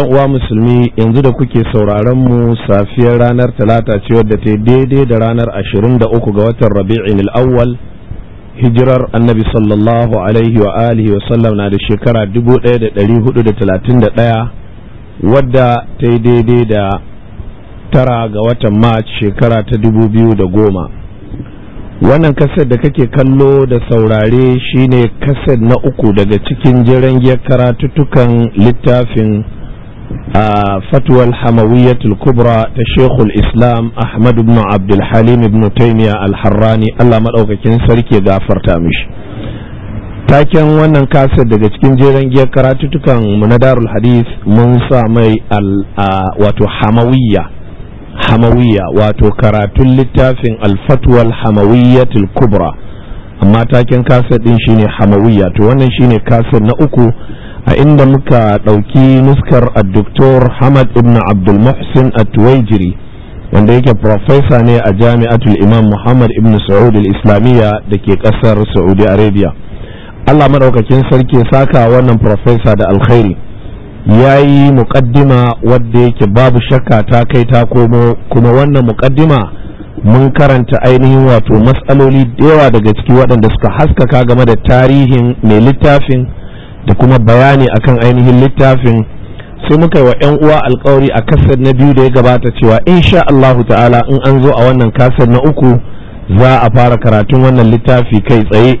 yan uwa musulmi yanzu da kuke sauraron mu safiyar ranar talata ce wadda ta daidai da ranar 23 ga watan rabi'in al hijirar annabi sallallahu alaihi wa alihi wa sallam na da shekara 1431 wadda ta daidai da tara ga watan march shekara ta da goma. wannan kasar da kake kallo da saurare shine kasar na uku daga cikin jirangiyar karatuttukan littafin a fatuwal hamawiyatul kubra ta shekul islam ahmad ibn abdulhalim ibn taimiya alharrani allah maɗaukakin sarki gafarta mishi taken wannan kasar daga cikin jeren giyar karatutukan mu na darul hadith mun sa mai wato hamawiyya wato karatun littafin alfatwal hamawiyyatul kubra amma taken kasar din shine hamawiyya to wannan shine kasar na uku a inda muka ɗauki nuskar Dr hamad ibn abdul muhsin at-tuwaijiri wanda yake profesa ne a jami'atul imam muhammad ibn saud al-islamiyya da ke ƙasar saudi arabia allah maɗaukakin sarki saka wannan profesa da alkhairi ya yi muƙaddima wadda yake babu shakka ta kai ta komo kuma wannan muƙaddima mun karanta ainihin wato matsaloli da yawa daga ciki waɗanda suka haskaka game da tarihin mai littafin da kuma bayani akan ainihin littafin sai muka yi wa 'yan uwa alkawari a kasar na biyu da ya gabata cewa insha Allahu ta'ala in an zo a wannan kasar na uku za a fara karatun wannan littafi kai tsaye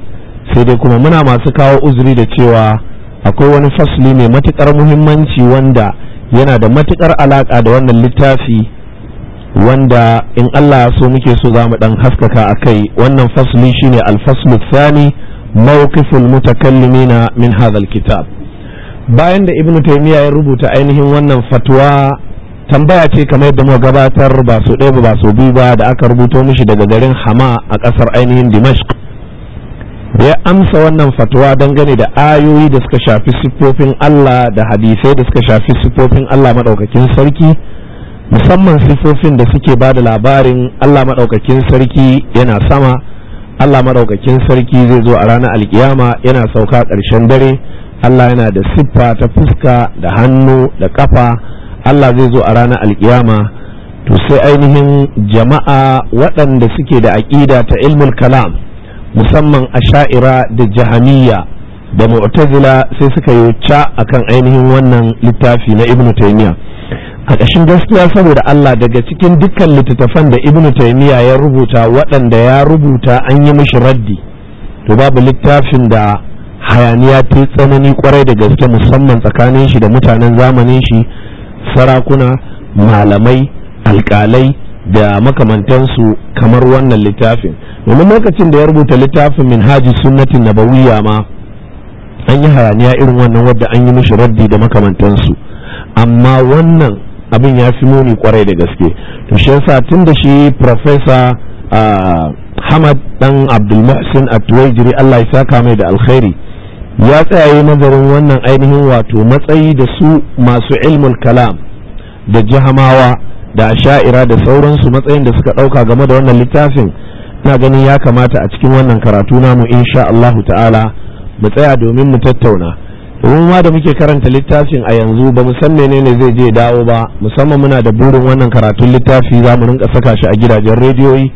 sai dai kuma muna masu kawo uzuri da cewa akwai wani fasli mai matukar muhimmanci wanda yana da matukar alaka da wannan littafi wanda in Allah ya so muke so za mu dan haskaka a kai wannan fasli shine alfaslu thani mawqiful mutakallimina min hadha kitab bayan da ibnu taymiya ya rubuta ainihin wannan fatwa tambaya ce kamar yadda muka gabatar ba su ɗaya ba su biyu ba da aka rubuto mishi daga garin hama a ƙasar ainihin dimashq da ya amsa wannan fatuwa dangane da ayoyi da suka shafi siffofin Allah da hadisai da suka shafi siffofin Allah maɗaukakin sarki musamman siffofin da suke ba da labarin Allah maɗaukakin sarki yana sama Allah maraukakin sarki zai zo a ranar alkiyama yana sauka ƙarshen dare Allah yana da siffa ta fuska da hannu da kafa Allah zai zo a ranar alkiyama to sai ainihin jama'a waɗanda suke da aƙida ta ilmul kalam musamman asha'ira da jahamiyya da mu'tazila sai suka yi ca akan ainihin wannan littafi na ibnu taymiyyah a ƙashin gaskiya saboda Allah daga cikin dukkan littattafan da ibnu taymiya ya rubuta waɗanda ya rubuta an yi mishi raddi to babu littafin da hayaniya ta tsanani kwarai da gaske musamman tsakanin shi da mutanen zamanin shi sarakuna malamai alƙalai da makamantansu kamar wannan littafin domin lokacin da ya rubuta littafin Minhaji haji sunnatin nabawiyya ma an yi hayaniya irin wannan wadda an yi mishi raddi da makamantansu amma wannan abin ya fi muni kwarai da gaske to shi yasa tun da shi professor ah, hamad dan abdulmuhsin atwaijiri allah ya saka mai da alkhairi ya tsayaye nazarin wannan ainihin wato matsayi da su masu ilmul kalam da jihamawa da sha'ira da sauransu matsayin da suka ɗauka game da wannan littafin na ganin ya kamata a cikin wannan karatu namu insha Allahu ta'ala mu tsaya domin mu tattauna domin ma da muke karanta littafin a yanzu ba mu san menene zai je dawo ba musamman muna da burin wannan karatun littafi za mu rinka saka shi a gidajen rediyoyi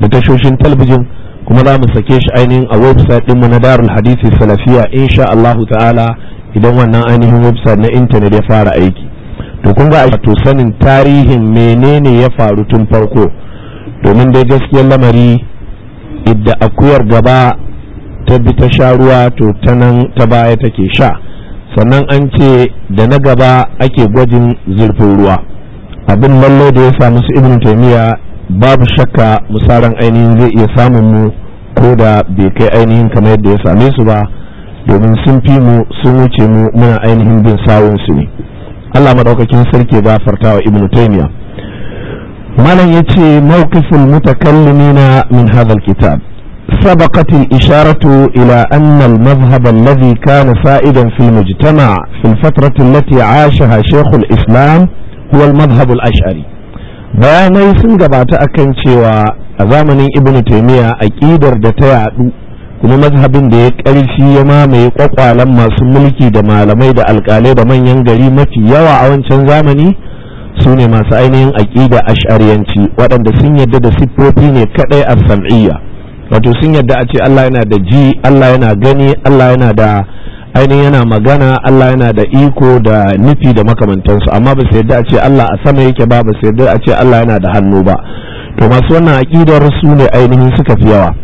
da tashoshin talabijin kuma za mu sake shi ainihin a website mu na darul hadisi salafiya insha Allahu ta'ala idan wannan ainihin website na intanet ya fara aiki to kun ga to sanin tarihin menene ya faru tun farko domin dai gaskiyar lamari idda akuyar gaba ta bi ta sha ruwa to ta nan ta baya take sha sannan an ce da na gaba ake gwajin zurfin ruwa abin mallo da ya samu su ibn taimiyya babu shakka musaran ainihin zai iya samun mu ko da bai kai ainihin kamar yadda ya same su ba domin sun fi mu sun wuce mu muna ainihin bin sawun su ne Allah madaukakin sarki ba Farta wa ibn taimiyya malam ya yace mawqiful mutakallimina min hadha kitab سبقت الإشارة إلى أن المذهب الذي كان سائدا في المجتمع في الفترة التي عاشها شيخ الإسلام هو المذهب الأشعري bayanai sun gabata akan cewa a zamanin ibn taimiyya aƙidar da ta yaɗu kuma mazhabin da ya ƙarfi ya mamaye ƙwaƙwalen masu mulki da malamai da alƙalai da manyan gari mafi yawa a wancan zamani su ne masu ainihin aƙida ash'ariyanci waɗanda sun yarda da siffofi ne kaɗai a sam'iyya wato sun yadda a ce Allah yana da ji Allah yana gani Allah yana da ainihin yana magana Allah yana da iko da nufi da makamantansu amma ba su yadda a ce Allah a sama yake ba ba su yadda a ce Allah yana da hannu ba to masu wannan aƙidar su ne ainihin suka fi yawa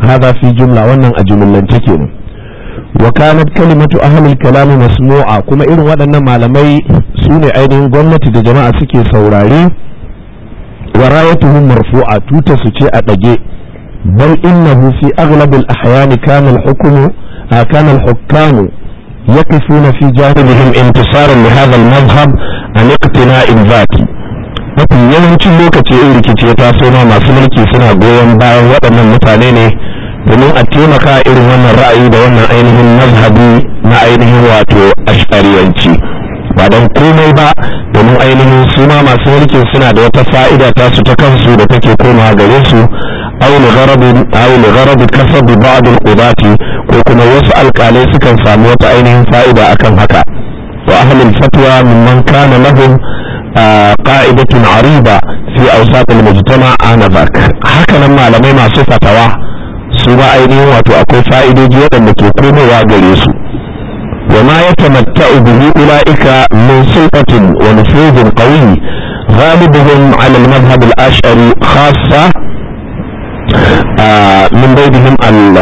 hada fi jumla wannan a jumlance kenan wa kanat kalimatu ahli kalam masmu'a kuma irin waɗannan malamai su ne ainihin gwamnati da jama'a suke saurare wa rayatuhum marfu'a tuta su ce a ɗage bal innahu fi aghlabil ahyan kana al-hukmu kana al-hukamu yakifuna fi janibihim intisaran li hadha al-madhhab an mafi yawancin lokaci in rikici ya taso ma masu mulki suna goyon bayan waɗannan mutane ne domin a taimaka irin wannan ra'ayi da wannan ainihin mazhabi na ainihin wato ashariyanci ba don komai ba domin ainihin su ma masu mulkin suna da wata fa'ida tasu ta kansu da take komawa gare su aw li gharadin aw li gharad ko kuma wasu alƙalai sukan samu wata ainihin fa'ida akan haka wa ahlul fatwa mimman kana lahum qa'idatun ariba fi awsat al-mujtama ana haka nan malamai masu fatawa su ba ainihin wato akwai fa'idoji waɗanda ke komowa gare su وما يتمتع به أولئك من سلطة ونفوذ قوي غالبهم على المذهب الأشعري خاصة min bainihim al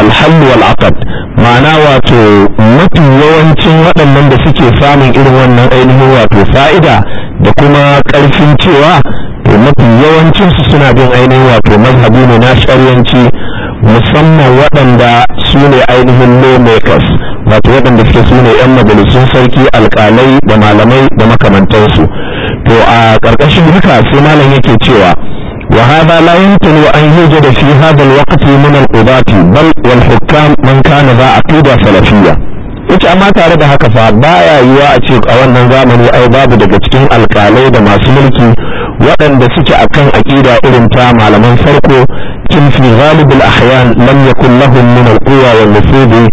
alhall wal aqd ma'ana wato mafi yawancin waɗannan da suke samun irin wannan ainihin wato fa'ida da kuma ƙarfin cewa to mafi yawancin su suna bin ainihin wato mazhabi ne na shari'anci musamman waɗanda su ne ainihin lawmakers wato waɗanda suke su ne 'yan majalisun sarki alƙalai da malamai da makamantansu to a ƙarƙashin duka sai malam yake cewa وهذا لا يمكن أن يوجد في هذا الوقت من القضاة بل والحكام من كان ذا عقيدة سلفية ita amma tare da haka fa baya yiwa a ce a wannan zamani ai babu daga cikin alkalai da masu mulki waɗanda suke akan aƙida irin ta malaman farko kin fi ghalibul ahyan lam yakun lahum min al wal nufudi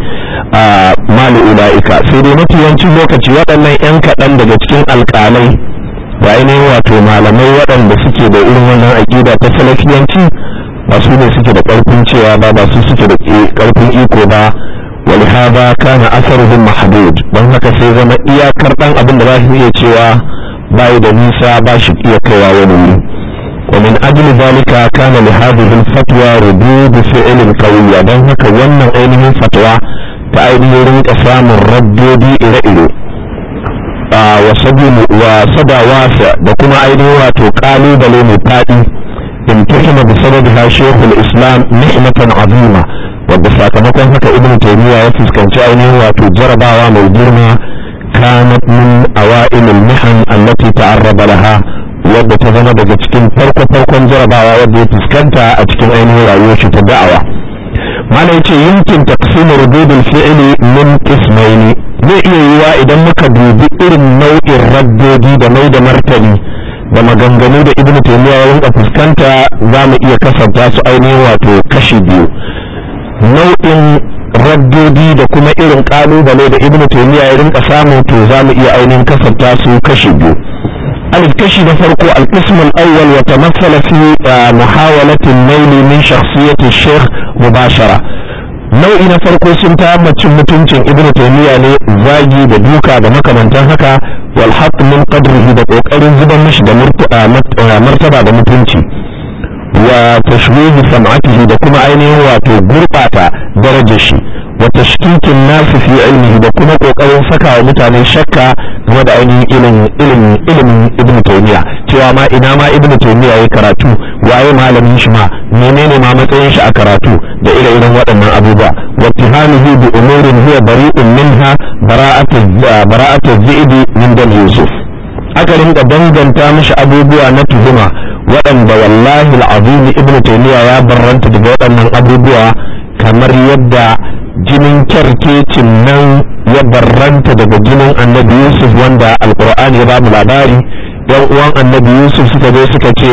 ma mali ulaika sai dai mafi yawancin lokaci waɗannan yan kaɗan daga cikin alkalai da ainihin wato malamai waɗanda suke da irin wannan aƙida ta salafiyanci ba su ne suke da ƙarfin cewa ba ba su suke da ƙarfin iko ba wani haɗa kana asaruhun mahadud don haka sai zama iyakar ɗan abin da za su iya cewa bayi da nisa ba shi iya kaiwa wani wuri ومن أجل ذلك كان لهذه الفتوى ردود فعل قوية دون هكا ونن أينه فتوى تأيدي يريد samun rabdodi إلى ire wa sada wasa da kuma ainihin wato kalubale mai faɗi imtihana bi ha shaykhul islam ni'matan azima wadda sakamakon haka ibn taymiya ya fuskanci ainihin wato jarabawa mai girma kanat min awa'il al-mihan allati ta'arraba laha wadda ta zama daga cikin farko farkon jarabawa wadda ya fuskanta a cikin ainihin rayuwar shi ta da'awa mana yankin yumkin taqsim rudud al-fi'li min qismaini zai iya yiwa idan muka dubi irin nau'in rabbobi da mai da martani da maganganu da ibn taymiya ya rinka fuskanta za mu iya kasanta su ainihin wato kashi biyu nau'in raddodi da kuma irin kalubale da ibn taymiya ya rinka samu to za mu iya ainihin kasanta su kashi biyu alif kashi na farko al-qism al-awwal wa tamassala fi ah, muhawalati al-mail mubashara nau'i na farko sun ta cin mutuncin ibn taymiya ne zagi da duka da makamantan haka wal haqq min qadrihi da kokarin zuban mishi da martaba da mutunci wa tashwihi sam'atihi da kuma ainihin wato gurbata darajar shi wa tashkikin nasu fi ilmihi da kuma kokarin saka wa mutane shakka game da ainihin ilimin ilimin ilimin ibn taymiya cewa ma ina ma ibn taymiya yayi karatu waye malamin shi ma menene ma matsayin shi a karatu da ire-iren waɗannan abubuwa wattihamihi bi umurin huwa bari'un minha bara'atu bara'atu zi'bi min dal yusuf aka rinka danganta mishi abubuwa na tuhuma waɗanda wallahi al'azim ibn taymiya ya barranta daga waɗannan abubuwa kamar yadda jinin kyarkecin nan ya barranta daga jinin annabi yusuf wanda alkur'ani ya bamu labari yan uwan annabi yusuf suka zo suka ce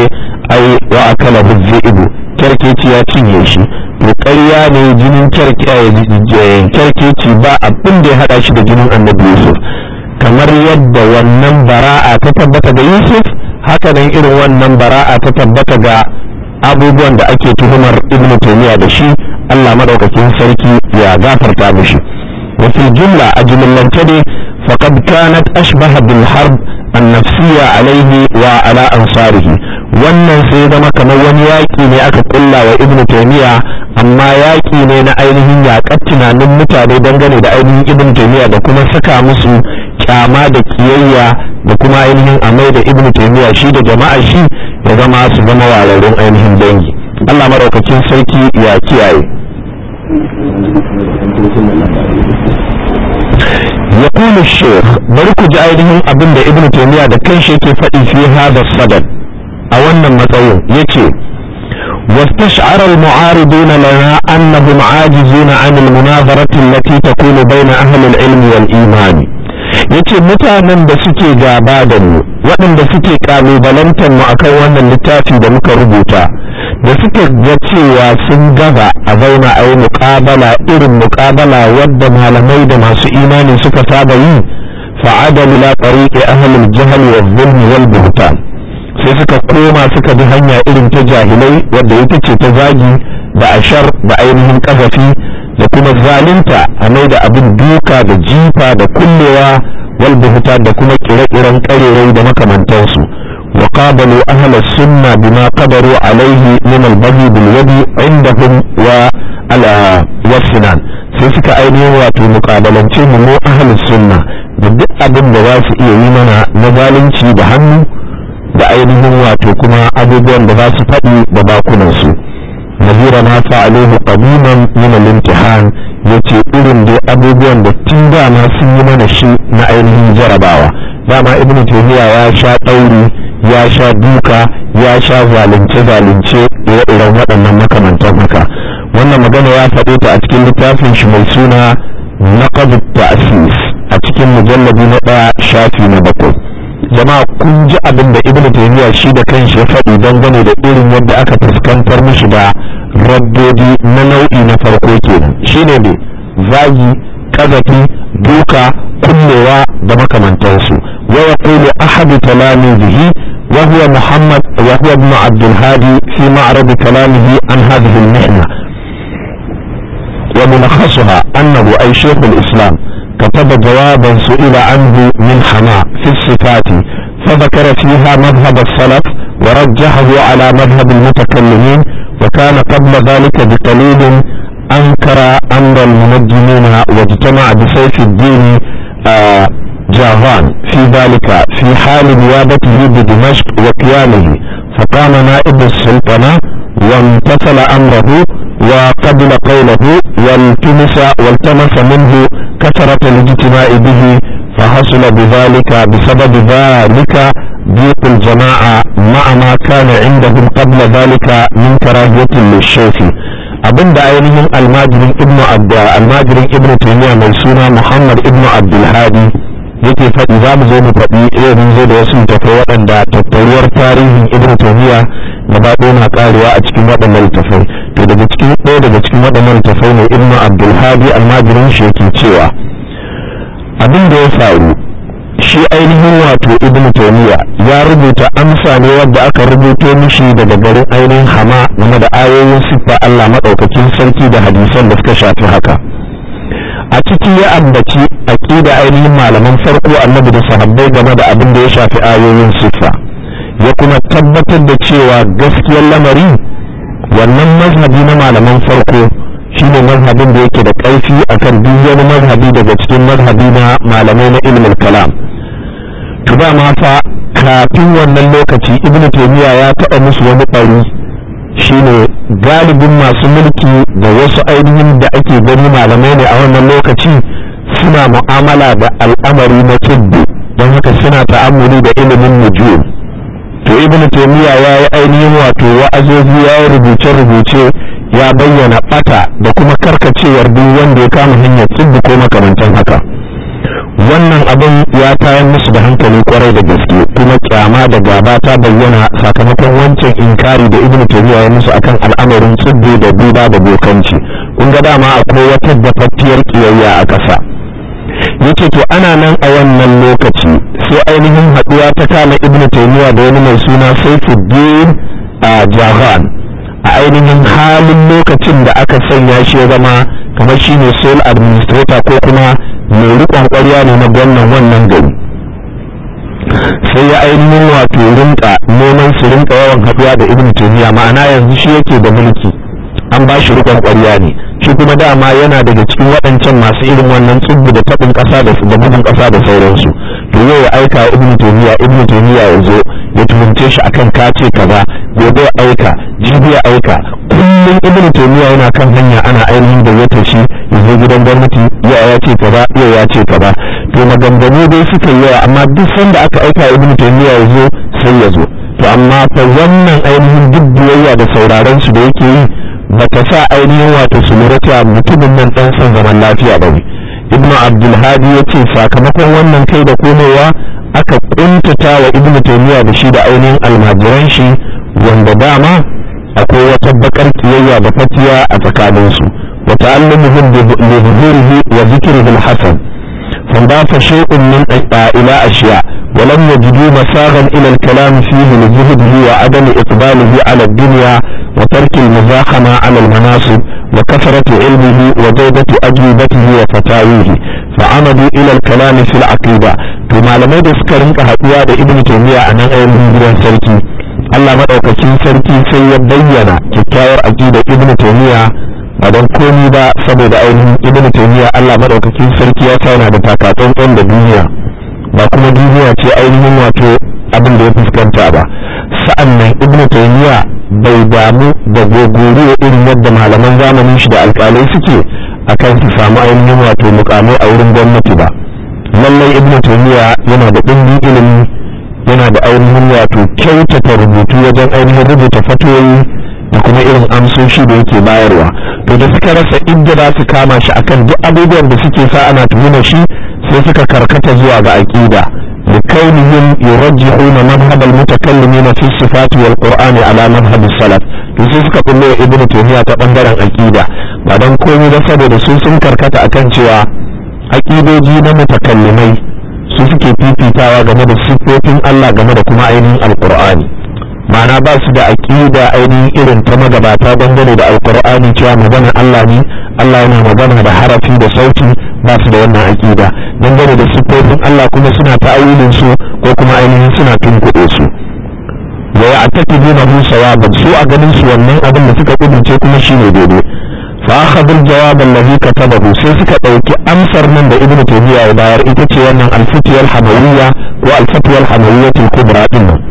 ai wa akala ibu kerkeci ya cinye shi to ƙarya ne jinin kerkeci eh, ba abin da ya haɗa shi da jinin annabi yusuf kamar yadda wannan bara'a ta tabbata ga yusuf haka nan irin wannan bara'a ta tabbata ga abubuwan da ake tuhumar ibnu taymiya da shi Allah madaukakin sarki ya gafarta mishi وفي الجملة أجل المرتدي فقد كانت أشبه بالحرب النفسية عليه وعلى أنصاره wannan sai zama kamar wani yaƙi ne aka kulla wa ibnu taymiya amma yaƙi ne na ainihin yaƙar tunanin mutane dangane da ainihin ibnu taymiya da kuma saka musu kyama da kiyayya da kuma ainihin amai da ibnu taymiya shi da jama'a shi ya zama su zama wararrun ainihin dangi Allah maraukakin sarki ya kiyaye يقول الشيخ بركو جايدهم أبن ابن تيمية ده كان شيء فإن في هذا الصدد أولا مطيو يتي واستشعر المعارضون لنا أنهم عاجزون عن المناظرة التي تكون بين أهل العلم والإيمان yace mutanen da suke gaba da mu waɗanda suke ƙalubalantar mu akan wannan littafi da muka rubuta da suke ga cewa sun gaba a zauna a yi muƙabala irin muƙabala wadda malamai da masu imani suka saba yi fa'ada ila tariqi ahlul jahl wa dhulm wal buhtan sai suka koma suka bi hanya irin ta jahilai wadda ita ce ta zagi da ashar da ainihin kafafi da kuma zalunta a mai da abin duka da jifa da kullewa wal buhtan da kuma kire-kiren karerai da makamantansu وقابلوا أهل السنة بما قدروا عليه من البغي باليد عندهم والسنان sai suka ainihin wato mukabalance mu mu ahlus sunna da duk abin za su iya yi mana na zalunci da hannu da ainihin wato kuma abubuwan da za su faɗi da bakunansu nazira na fa'aluhu qadiman min al-imtihan yace irin da abubuwan da tun da na sun yi mana shi na ainihin jarabawa dama ibnu taymiya ya sha ɗauri ya sha duka ya sha zalunce-zalunce ire-iren waɗannan makamantan haka wannan magana ya faɗo ta a cikin littafin shi mai suna na naqabut ta'sis a cikin mujallabi na ɗaya shafi na bakwai jama'a kun ji abin da ibnu taymiya shi da kanshi ya faɗi don dangane da irin yadda aka fuskantar mishi da radodi na nau'i na farko kenan shine ne zagi kazafi duka kullewa da من تنسو ويقول احد تلاميذه وهو محمد وهو ابن عبد الهادي في معرض كلامه عن هذه المحنة وملخصها أنه أي شيخ الإسلام كتب جوابا سئل عنه من حماء في الصفات فذكر فيها مذهب السلف ورجحه على مذهب المتكلمين وكان قبل ذلك بقليل أنكر أمر المنجمين واجتمع بسيف الدين جافان في ذلك في حال نيابته بدمشق وقيامه فقام نائب السلطنة وامتثل أمره وقبل قوله والتمس والتمس منه كثرة الاجتماع به فحصل بذلك بسبب ذلك ضيق الجماعة مع ما كان عندهم قبل ذلك من كراهية للشيخ Abin abinda ainihin almajirin ibnu abda almajirin ibnu taymiya mai suna muhammad ibnu abdulhadi yake faɗi za mu zo mu faɗi mun zo da wasu littafai waɗanda tattaruwar tarihin ibnu taymiya gaba ɗaya na ƙarewa a cikin waɗannan littafai to daga cikin ɗaya daga cikin waɗannan littafai ne ibnu abdulhadi almajirin shi yake cewa abin da ya faru shi ainihin wato ibn taymiya ya rubuta amsa ne wadda aka rubuto mishi daga garin ainihin hama game da ayoyin siffa Allah madaukakin sarki da hadisan da suka shafi haka a ciki ya ambaci aqida ainihin malaman farko annabi da sahabbai game da abin da ya shafi ayoyin siffa ya kuma tabbatar da cewa gaskiyar lamari wannan mazhabi na malaman farko shine mazhabin da yake da ƙarfi akan duk wani mazhabi daga cikin mazhabi na malamai na ilmul kalam to ba ma fa kafin wannan lokaci ibn taymiya ya taɓa musu wani ɓari shine galibin masu mulki da wasu ainihin da ake gani malamai ne a wannan lokaci suna mu'amala da al'amari na tibbi don haka suna ta'amuli da ilimin nujum to ibn taymiya ya yi ainihin wato wa'azozi ya yi rubuce-rubuce ya bayyana bata da kuma karkacewar duk wanda ya kama hanyar tibbi ko makamantan haka wannan abin ya tayar musu da hankali kwarai da gaske kuma kyama da gaba ta bayyana sakamakon wancan inkari da ibnu tabiya ya musu akan al'amarin tsibbi da duba da bokanci kun ga dama akwai wata dafattiyar kiyayya a ƙasa yace to ana nan a wannan lokaci sai ainihin haɗuwa ta kama ibnu tabiya da wani mai suna saifuddin a ah, jahan a ainihin halin lokacin da aka sanya shi ya zama kamar shi ne sole administrator ko kuma mai rikon ƙwarya ne na gwamnan wannan gari sai ya ainihin wato rinka neman su rinka yawan haɗuwa da ibn tuniya ma'ana yanzu shi yake da mulki an ba shi riƙon ƙwarya ne shi kuma dama yana daga cikin waɗancan masu irin wannan tsubbu da taɓin ƙasa da gudun ƙasa da sauransu to yau ya aika ibn tuniya ibn tuniya ya zo ya tuhumce shi akan kace kaza gobe ya aika jibi ya aika kullum ibn taymiya yana kan hanya ana ainihin da wata shi ya zo gidan gwamnati ya ya ce kaza ya ya ce kaza to maganganu dai suka yi yawa amma duk sanda aka aika ibn taymiya ya zo sai ya zo to amma fa wannan ainihin duk biyayya da sauraron su da yake yi bata sa ainihin wato su lura mutumin nan dan son zaman lafiya ba ne ibnu abdulhadi ya ce sakamakon wannan kai da komowa aka kuntuta wa ibn taymiya da shi da ainihin almajiran shi wanda dama akwai wata bakar kiyayya da fatiya a tsakanin su wa ta'allamu bi zuhurihi wa zikri bil hasan fa dafa shay'un min ila ashiya wa lam yajidu masaghan ila al-kalam fihi li zuhurihi wa adami iqbalihi ala ad-dunya وترك المزاحمة على المناصب وكثرة علمه وجودة أجوبته وفتاويه فعمدوا إلى الكلام في العقيدة كما لم يذكرن كهدوى ابن تيمية أن غير من سلكي الله ما أوكسين سلكي سيبين كتاور أجيب ابن تيمية madan komi ba saboda ainihin ibn taymiya Allah madaukakin sarki ya sauna da takatsantsan da duniya ba kuma duniya ce ainihin wato abin da ya fuskanta ba sa'annan ibnu taymiya bai damu da gogoro irin yadda malaman zamanin shi da alƙalai suke akan su samu ainihin wato mukamai a wurin gwamnati ba lallai ibnu taymiya yana da ɗumbin ilimi yana da ainihin wato kyautata rubutu wajen ainihin rubuta fatoyi da kuma irin amsoshi da yake bayarwa to da suka rasa inda za su kama shi akan duk abubuwan da suke sa ana tuhumar shi sai suka karkata zuwa ga aƙida لكونهم يرجحون مذهب المتكلمين في الصفات والقرآن على مذهب السلف يسوسك كله ابن تيمية تبندر الأكيدة أن كوني دفد رسوس كركة أكنشوا أكيدة جينا متكلمي su suke fifitawa game da siffofin Allah game da kuma ainihin ma'ana ba su da aƙida ainihin irin ta magabata dangane da alkur'ani cewa magana Allah ne Allah yana magana da harafi da sauti ba su da wannan aqida dangane da siffofin Allah kuma suna ta'awilin su ko kuma ainihin suna tunkuɗe su wa ya'taqiduna hu sawaban su a ganin su wannan abin da suka kudince kuma shine daidai fa akhadhu al-jawab alladhi katabahu sai suka dauki amsar nan da ibnu taymiya ya bayar ita ce wannan al-fitiyal hamawiyya ko al-fatwa al-hamawiyya al-kubra din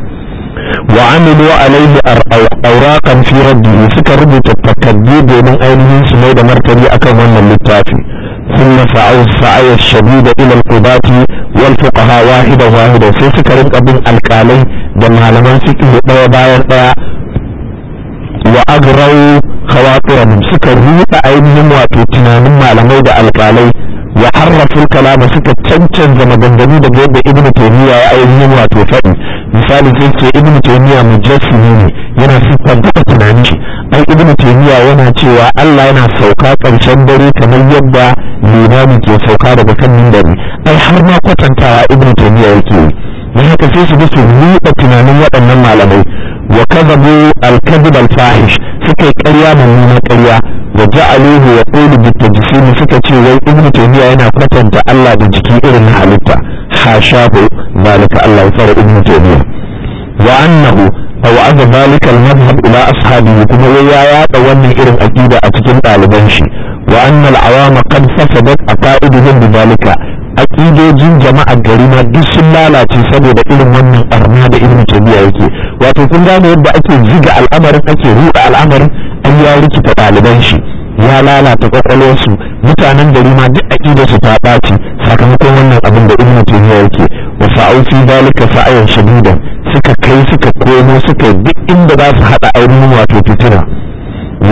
wa amilu alaihi auraqan fi rabbihi suka rubuta takaddi domin ainihin su mai da martani akan wannan littafi sunna sa'u sa'ay shadida ila alqibati wal fuqaha wahida wahida sai suka rinka bin alqalai da malaman su ke daya bayan daya wa agrau khawatirahum suka rubuta ainihin wato tunanin malamai da alqalai wa harrafu alkalama suka cancanta maganganu daga yadda ibnu taymiya ya ainihin wato faɗi misali zai ce ibnu taymiya mujassimi ne yana siffanta tunanin shi ai ibn taymiya yana cewa Allah yana sauka karshen dare kamar yadda limami ke sauka daga kan dare ai har ma kwatantawa ya taymiya yake na haka sai su bi su buɗe tunanin waɗannan malamai wa kadhabu al-kadhib al-fahish karya ƙarya mummunan ƙarya wa ja'aluhu yaqulu bitajsim suka ce wai ibnu yana kwatanta Allah da jiki irin halitta hashahu malika Allah ya fara ibnu taymiya wa annahu aw aga malika al-madhhab ila ashabihi kuma wai ya yada wannan irin aqida a cikin ɗaliban shi wa anna al-awama qad fasadat aqaiduhum bi malika aƙidojin jama'a gari ma duk sun lalace saboda irin wannan arna da irin yake wato kun gane yadda ake ziga al'amarin ake ruɗa al'amarin ai ya rikita ɗaliban shi ya lalata kwakwalwarsu mutanen gari ma duk aƙida su ta ɓaci sakamakon wannan abin da ibnu taymiya yake wa fa'au dalika zalika fa'ayan shadida suka kai suka komo suka duk inda za su haɗa ainihin wato fitina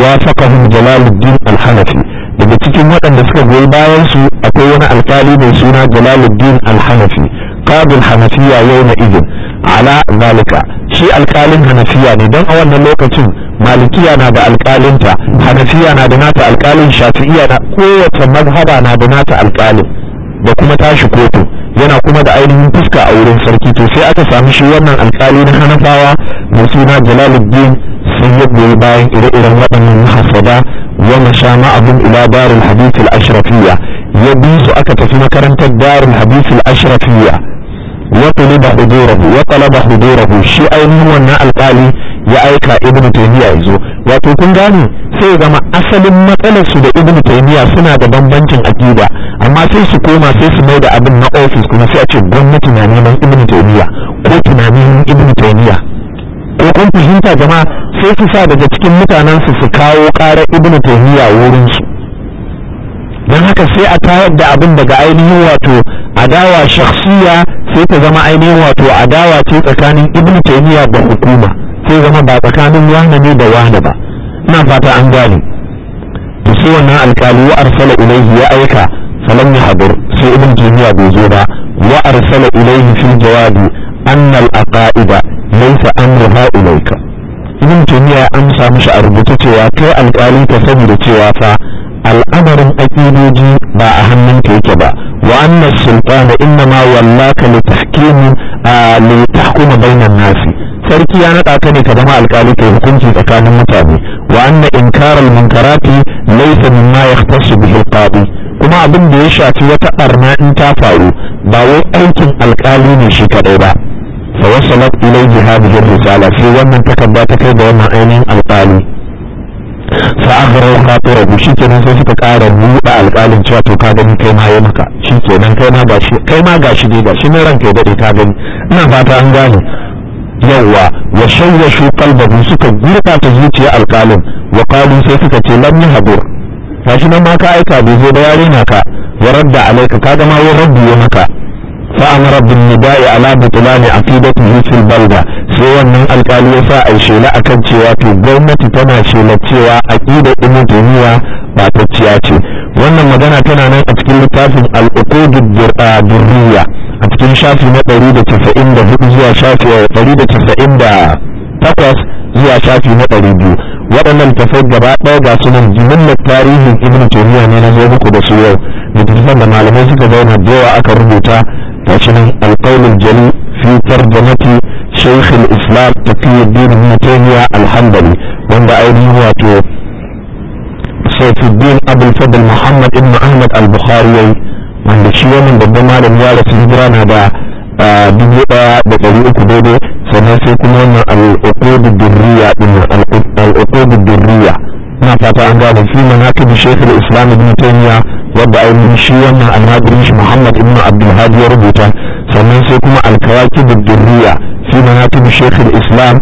ya fakahum jalaluddin alhanafi daga cikin waɗanda suka goyi bayan su akwai wani alkali mai suna jalaluddin alhanafi hanafi qadul hanafiya yau na izin. ala zalika shi alkalin hanafiya ne don a wannan lokacin malikiya na da alkalinta hanafiya na da nata alkalin shafi'iya na kowace mazhaba na da nata alkalin da kuma tashi kotu yana kuma da ainihin fuska a wurin sarki to sai aka sami shi wannan alkali na hanafawa mai suna jalaluddin sun yi goyi bayan ire-iren waɗannan mahasada wa mashama abin ila darul hadith ashrafiyya ya bi su aka tafi makarantar darul hadith al-ashrafiyya wa talaba hudurahu wa talaba shi ainihin wannan alƙali ya aika ibnu taymiya yazo wato kun gane sai zama asalin matsalar su da ibnu taymiya suna da bambancin aqida amma sai su koma sai su mai da abin na office kuma sai a ce gwamnati na neman ibnu taymiya ko tunanin ibnu taymiya ko kun fahimta jama'a sai su sa daga cikin mutanen su su kawo ƙarar ibnu taymiya wurin su don haka sai a tayar da abin daga ainihin wato adawa shakhsiya sai ta zama ainihin wato adawa ce tsakanin ibnu taymiya da hukuma sai zama ba tsakanin wahna ne da wahana ba ina fata an gane to sai wannan alkali wa arsala ya aika falam ya hadur sai ibnu taymiya bai zo ba wa arsala ilaihi fi jawabi anna al aqaida laysa amruha ilayka ibnu taymiya ya amsa mishi a rubuce cewa kai alkali ka sani da cewa fa al'amarin aqidoji ba a hannunka yake ba wa anna sultana inna ma wallaka li tahkim li tahkuma bainan nasi sarki ya nada ka ne ka zama alƙali kai hukunci tsakanin mutane wa anna inkar munkarati laysa mimma yahtassu bihi kuma abin da ya shafi wata barna in ta faru ba wai aikin alƙali ne shi kadai ba fa wasalat ilayhi hadhihi risala sai wannan takarda ta kai da wannan ainihin alƙali fa aghraw rabu shikenan sai suka ƙara buɗe alƙalin cewa to ka gani kai ma yi maka shikenan kai ma gashi kai ma gashi ne gashi ne ranka ya dade ka gani ina fata an gane yawwa wa shawwashu qalbahu suka gurɓata zuciya alƙalin wa kalu sai suka ce lam yahdur gashi nan ma ka aika bai zo da yare ka ya radda alaika ka ga ma ya ya maka فامر بالنداء على a عقيدته في balba sai wannan alkali ya sa a shela a kan cewa to gwamnati tana shela cewa aƙida ɗin duniya ba ta ciya wannan magana tana nan a cikin littafin al'ukudin durriya a cikin shafi na 194 zuwa shafi 198 zuwa shafi na 200 waɗannan tafai gaba ɗaya ga sunan jimillar tarihin ibn duniya ne na zo muku da su yau da malamai suka zauna da yawa aka rubuta تشنن القول الجلي في ترجمة شيخ الإسلام تقي الدين ابن تيمية الحنبلي وعند أيديه واتو سيف الدين أبو الفضل محمد ابن أحمد البخاري wanda shi wannan babban malamin ya rasu hijira na da dubu da ɗari uku daidai sannan sai kuma wannan al'uqudu durriya na fata an gane fi manaqib shaykh al-islam ibn taymiya wanda ainihin shi wannan almajirin shi muhammad ibn abdul ya rubuta sannan sai kuma al-kawakib ad-durriya fi manaqib shaykh al-islam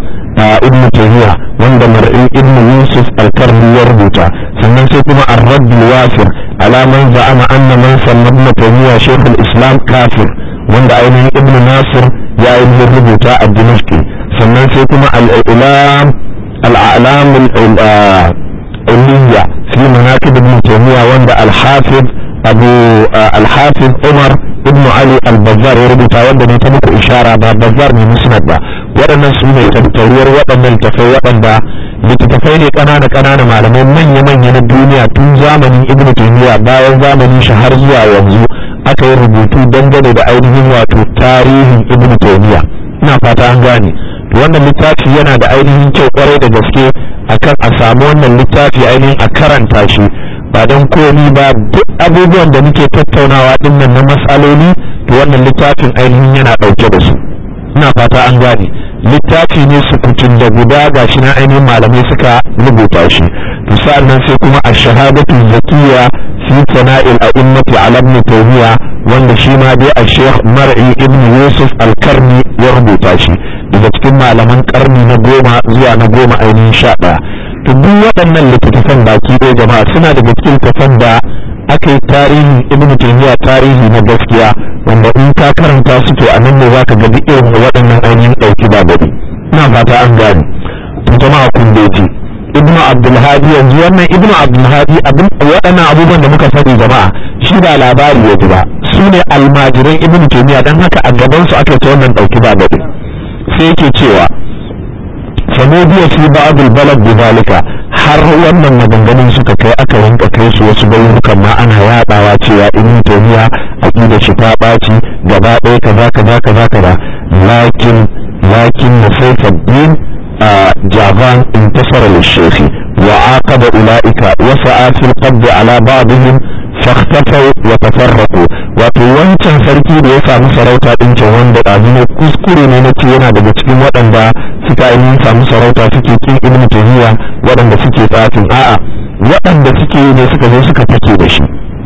ibn taymiya wanda mar'i ibn yusuf al-karni ya rubuta sannan sai kuma ar-radd al-wafir ala man za'ama anna man sanna ibn taymiya shaykh al-islam kafir wanda ainihin ibn nasir ya yi rubuta a dimashki sannan sai kuma al-ilam al-a'lam علية في مناكب ابن umar ibnu ali albazar ya rubuta ابن علي ta يربط ishara ba إشارة بزار من ba waɗannan su ne tattaruwar waɗannan tafai waɗanda littattafai ne ƙanana ƙanana malamai manya-manya na duniya tun zamanin ibn taymiya bayan zamanin shi har zuwa yanzu aka yi rubutu dangane da ainihin wato tarihin ibn taymiya ina fata an gane wannan littafi yana da ainihin kyau kwarai da gaske akan a samu wannan littafi ainihin a karanta shi ba don komi ba duk abubuwan da muke tattaunawa din nan na matsaloli to wannan littafin ainihin yana ɗauke da su ina fata an gane littafi ne kutun da guda ga shi na ainihin malamai suka rubuta shi to nan sai kuma a shahadatu zakiya fi sana'il a'immati ala ibn tawhiya wanda shi ma dai a sheikh mar'i ibn yusuf al-karni ya rubuta shi daga cikin malaman karni na goma zuwa na goma ainihin sha ɗaya to duk waɗannan littattafan baki ɗaya jama'a suna daga cikin littattafan da aka yi tarihin ibn taymiya tarihi na gaskiya wanda in ka karanta su to a nan ne zaka ga duk irin waɗannan ainihin ɗauki ba gari ina fata an gane to jama'a kun ji ibnu abdulhadi yanzu wannan ibnu abdulhadi abin waɗannan abubuwan da muka sani jama'a shi ba labari ya ji ba su ne almajiran ibnu taymiya dan haka a gaban su aka ta wannan ɗauki ba gari sai yake cewa fanudiya fi ba'dul balad bidalika har wannan maganganun suka kai aka yanka kai su wasu bayyukan ma ana yaɗawa cewa ibn taymiya aqida shi ta baci gaba ɗaya kaza kaza kaza kaza lakin lakin bin a javan intasara lishefi wa aqaba ulaika wa sa'a fil qabd ala ba'dihim ya wa tafarraku wato wancan sarki da ya samu sarauta din can wanda ɗazu kuskure ne na ce yana daga cikin waɗanda suka yi samu sarauta suke kin ibnu tahiya waɗanda suke tsafin a'a waɗanda suke ne suka zo suka fake da shi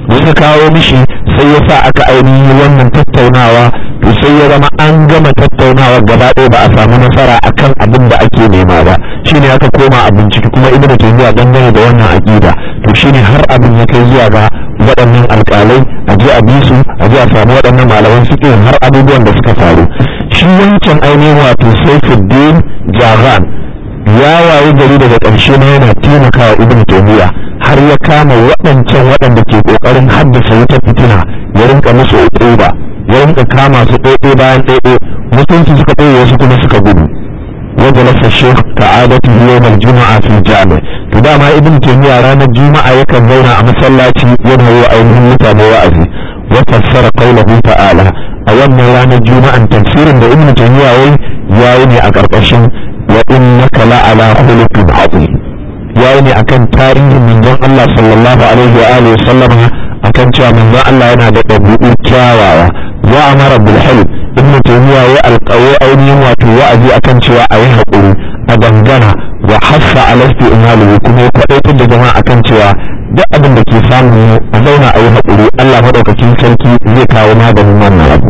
da suka kawo mishi sai ya sa aka ainihin wannan tattaunawa to sai ya zama an gama tattaunawa gaba ɗaya ba a samu nasara akan abin da ake nema ba shi ne aka koma a bincike kuma ibnu tahiya dangane da wannan aƙida to shine har abin ya kai zuwa ga waɗannan alƙalai a je a bisu a je a samu waɗannan malaman suke har abubuwan da suka faru shi wancan ainihin wato Saifuddin Jahan ya wayi gari daga ƙarshe na yana taimakawa Ibn Taymiyyah har ya kama waɗancan waɗanda ke ƙoƙarin haddasa wuta fitina ya rinka musu ba ya rinka kama su ɗaiɗai bayan ɗaiɗai mutunci suka ɗaiɗai wasu kuma suka gudu wajen lasa shekh ta'adatu yawmal juma'a fi jami'a to dama ibn taymiya ranar juma'a yakan zauna a masallaci yana yi ainihin mutane wa'azi wa fassara qaulahu ta'ala a wannan ranar juma'an tafsirin da ibn taymiya yayi yayi ne a karkashin wa innaka la'ala khuluqin azim yayi ne akan tarihin manzon Allah sallallahu alaihi wa alihi wa akan cewa manzon Allah yana da dabi'u kyawawa wa amara bil hilm ibn taymiya ya alqawi ainihin wato wa'azi akan cewa ayi hakuri a dangana wa haffa alasti umalu kuma ya kwadaitar da jama'a akan cewa duk abin da ke samu a zauna a yi haƙuri Allah madaukakin sarki zai kawo maganin wannan abu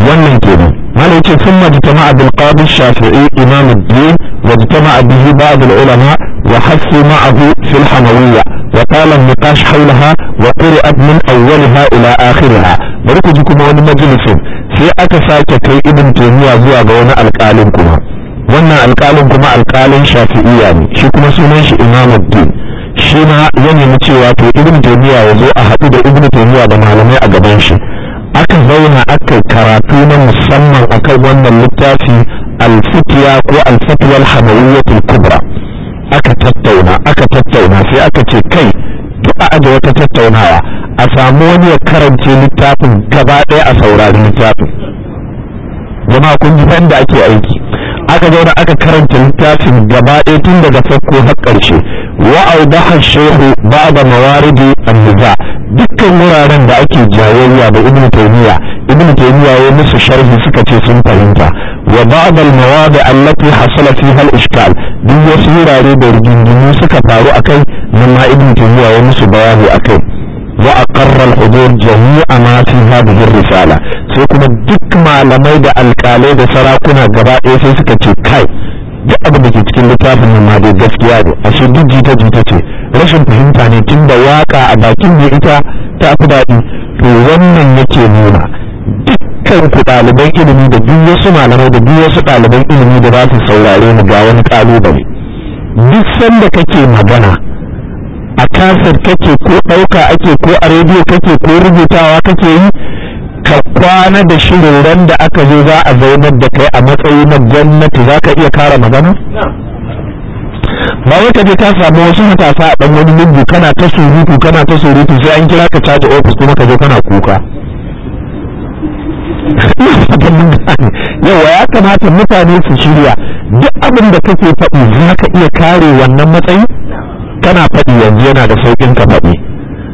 wannan kenan malai ce sun majtama abul qadi shafi'i imam ad-din wajtama bihi ba'd al-ulama wa hasu ma'ahu fi al-hamawiyya wa qala niqash hawlaha wa qira'at min ila akhiriha bari ku ji kuma wani majalisin sai aka sake kai ibn taymiya zuwa ga wani alƙalin kuma wannan alƙalin kuma alƙalin shafi'iyya ne shi kuma sunan shi imamuddin shi ma ya nemi cewa to ibn taymiya ya zo a haɗu da ibn taymiya da malamai a gaban shi aka zauna aka karatu na musamman akan wannan littafi alfitiya ko alfatwa alhamawiyyatul kubra aka tattauna aka tattauna sai aka ce kai a aje wata tattaunawa a samu wani ya karance littafin gaba ɗaya a saurari littafin jama'a kun ji da ake aiki aka zauna aka karanta littafin gaba ɗaya tun daga farko har ƙarshe wa audaha shehu da mawaridi anniza dukkan wuraren da ake jayayya da ibn taymiya ibn taymiya ya musu sharhi suka ce sun fahimta wa ba'da al-mawadi allati hasala fiha al-ishkal duk wasu wurare da rigingimu suka faru akai nan ma ibn taymiya ya musu bayani akai وأقر الحضور جميع ما في هذه الرسالة سيكون دك da لميد القالي دا سراكنا قبائي سيسكتي كاي duk abin da ke cikin littafin nan ma gaskiya ne ashe duk jita jita ce rashin fahimta ne tun da waka a bakin da ita ta fi daɗi to wannan yake nuna dukkan ku ɗaliban ilimi da duk wasu malamai da duk wasu ɗaliban ilimi da ba su saurare mu ga wani ƙalubale duk sanda kake magana a kasar kake ko ɗauka ake ko a rediyo kake ko rubutawa kake yi ka kwana da shirin da aka zo za a zaunar da kai a matsayi na gwamnati za ka iya kara magana? ba wata ta ka samu wasu matasa a ɗan wani lungu kana ta surutu kana ta surutu sai an kira ka caji ofis kuma ka zo kana kuka yawa ya kamata mutane su shirya duk abin da kake faɗi za ka iya kare wannan matsayi kana faɗi yanzu yana da saukin ka faɗi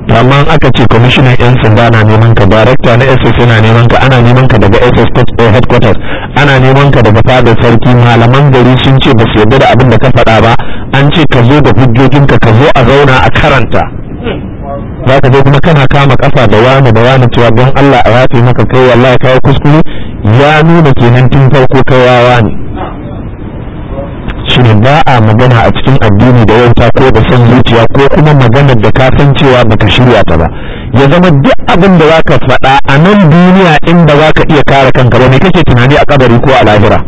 to amma aka ce kwamishinan yan sanda na neman ka director na ss yana neman ka ana neman ka daga ss eh, headquarters ana neman ka daga fadar sarki malaman gari sun ce ba su yarda da abin da ka faɗa ba an ce ka zo da hujjojinka ka zo a zauna a karanta za ka je kuma kana kama kafa da wani da wani cewa don Allah a yafe maka kai wallahi kawo kuskure ya nuna kenan tun farko kai wawa ne shi ne ba a magana a cikin addini da wauta ko da san zuciya ko kuma magana da ka san cewa baka shirya ta ba ya zama duk abin da zaka faɗa a nan duniya inda zaka iya kare kanka ba me kake tunani a kabari ko a lahira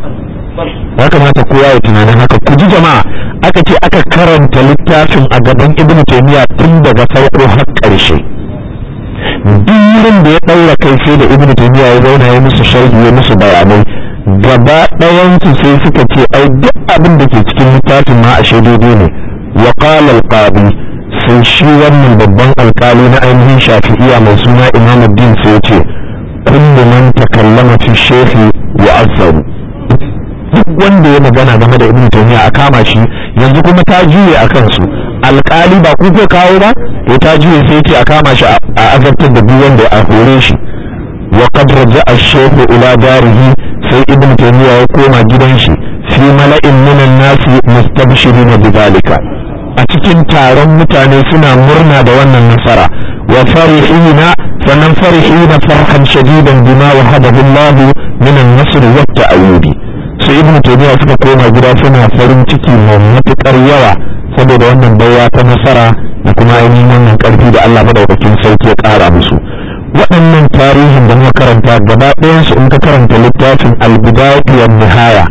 ya kamata kowa ya tunanin haka ku ji jama'a aka ce aka karanta littafin a gaban ibn taymiya tun daga farko har ƙarshe duk da ya ɗaura kai sai da ibn taymiya ya zauna ya musu sharhi ya musu bayanai gaba ɗayansu sai suka ce ai duk abin da ke cikin littafin ma a shaidodo ne wa qala sai shi wannan babban alkali na ainihin shafi'iya mai suna imamuddin sai ce kullu man takallama fi shaykh duk wanda ya magana game da ibnu taymiya a kama shi yanzu kuma ta juye a kansu alkali ba ku ko kawo ba to ta juye sai ce a kama shi a azabtar da duk wanda a hore shi wa qad raja'a ash-shaykh ila darihi sai ibn taymiya ya koma gidan shi fi mala'in minan nasi mustabshirina bidhalika a cikin taron mutane suna murna da wannan nasara wa farihina sannan farihina farhan shadidan bima wa Allah min an-nasr wa ta'awudi sai ibn taymiya suka koma gida suna farin ciki mai matukar yawa saboda wannan baiwa ta nasara da kuma ainihin wannan karfi da Allah madaukakin sauki ya kara musu waɗannan tarihin da muka karanta gaba ɗayansu in ka karanta littafin al-bidayatu nihaya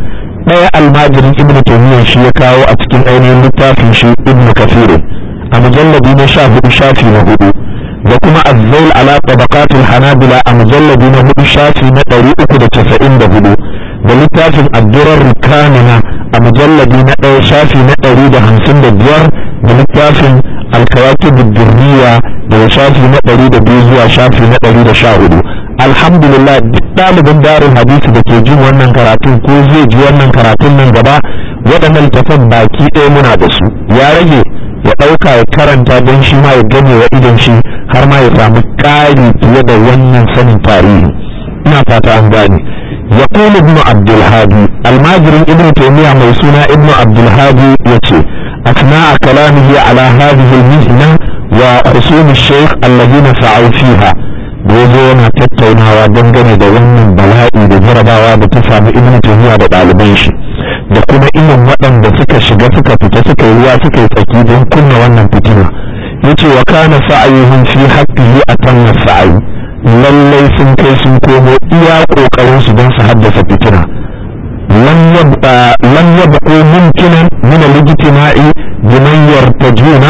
ɗaya almajirin ibn taymiyyah shi ya kawo a cikin ainihin littafin shi ibn kathir a mujalladi na sha hudu shafi na hudu da kuma azzail ala tabaqatul hanabila a mujalladi na hudu shafi na ɗari uku da casa'in da hudu da littafin addurar kamina a mujalladi na ɗaya shafi na ɗari da hamsin da biyar da littafin الكواكب الدرية daga shafi na da biyu zuwa shafi na ɗari da sha hudu alhamdulillah duk ɗalibin darin hadisi da ke jin wannan karatun ko zai ji wannan karatun nan gaba waɗannan littafan baki ɗaya muna da su ya rage ya ɗauka ya karanta don shi ma ya gane wa idon shi har ma ya samu kari fiye da wannan sanin tarihi ina fata an gane ya ibn abdulhadi almajirin ibnu taymiya mai suna ibnu abdulhadi ya ce أثناء كلامه على هذه المهنة وخصوم الشيخ الذين فعلوا فيها gozo yana tattaunawa dangane da wannan bala'i da jarabawa da ta samu ibn tafiya da ɗaliban shi da kuma irin waɗanda suka shiga suka fita suka yi ruwa suka yi tsaki don kunna wannan fitina ya ce wa kana sa'ayihin fi haƙƙihi a tannar sa'ayi lallai sun kai sun komo iya ƙoƙarinsu don su haddasa fitina لم يبقى لم يبقوا ممكنا من الاجتماع بمن يرتجون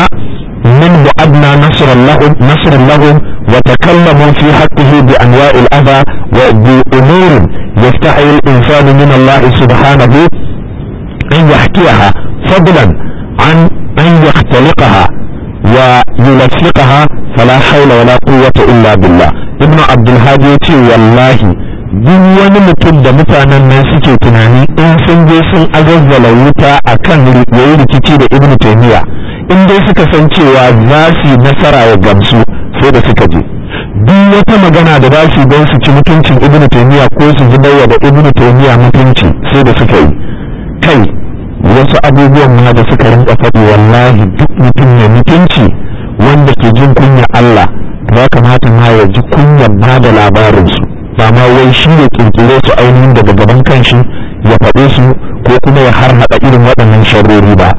منه أدنى نصر لهم نصر لهم وتكلموا في حقه بأنواع الأذى وبأمور يستحي الإنسان من الله سبحانه أن يحكيها فضلا عن أن يختلقها ويلفقها فلا حول ولا قوة إلا بالله ابن عبد الهادي والله duk wani mutum da mutanen nan suke tunani in sun je sun azazzala wuta a kan yayi rikici da ibnu in dai suka san cewa za su nasara ya gamsu sai da suka je duk wata magana da za su don su ci mutuncin ibnu ko su zubarwa da ibnu taymiya mutunci sai da suka yi kai wasu abubuwan ma da suka rinka faɗi wallahi duk mutum mai mutunci wanda ke jin kunya Allah ya kamata ma ya ji kunyar ma da labarinsu ba ma wai shi ya kirkire su ainihin daga gaban kanshi ya faɗe su ko kuma ya har haɗa irin waɗannan sharori ba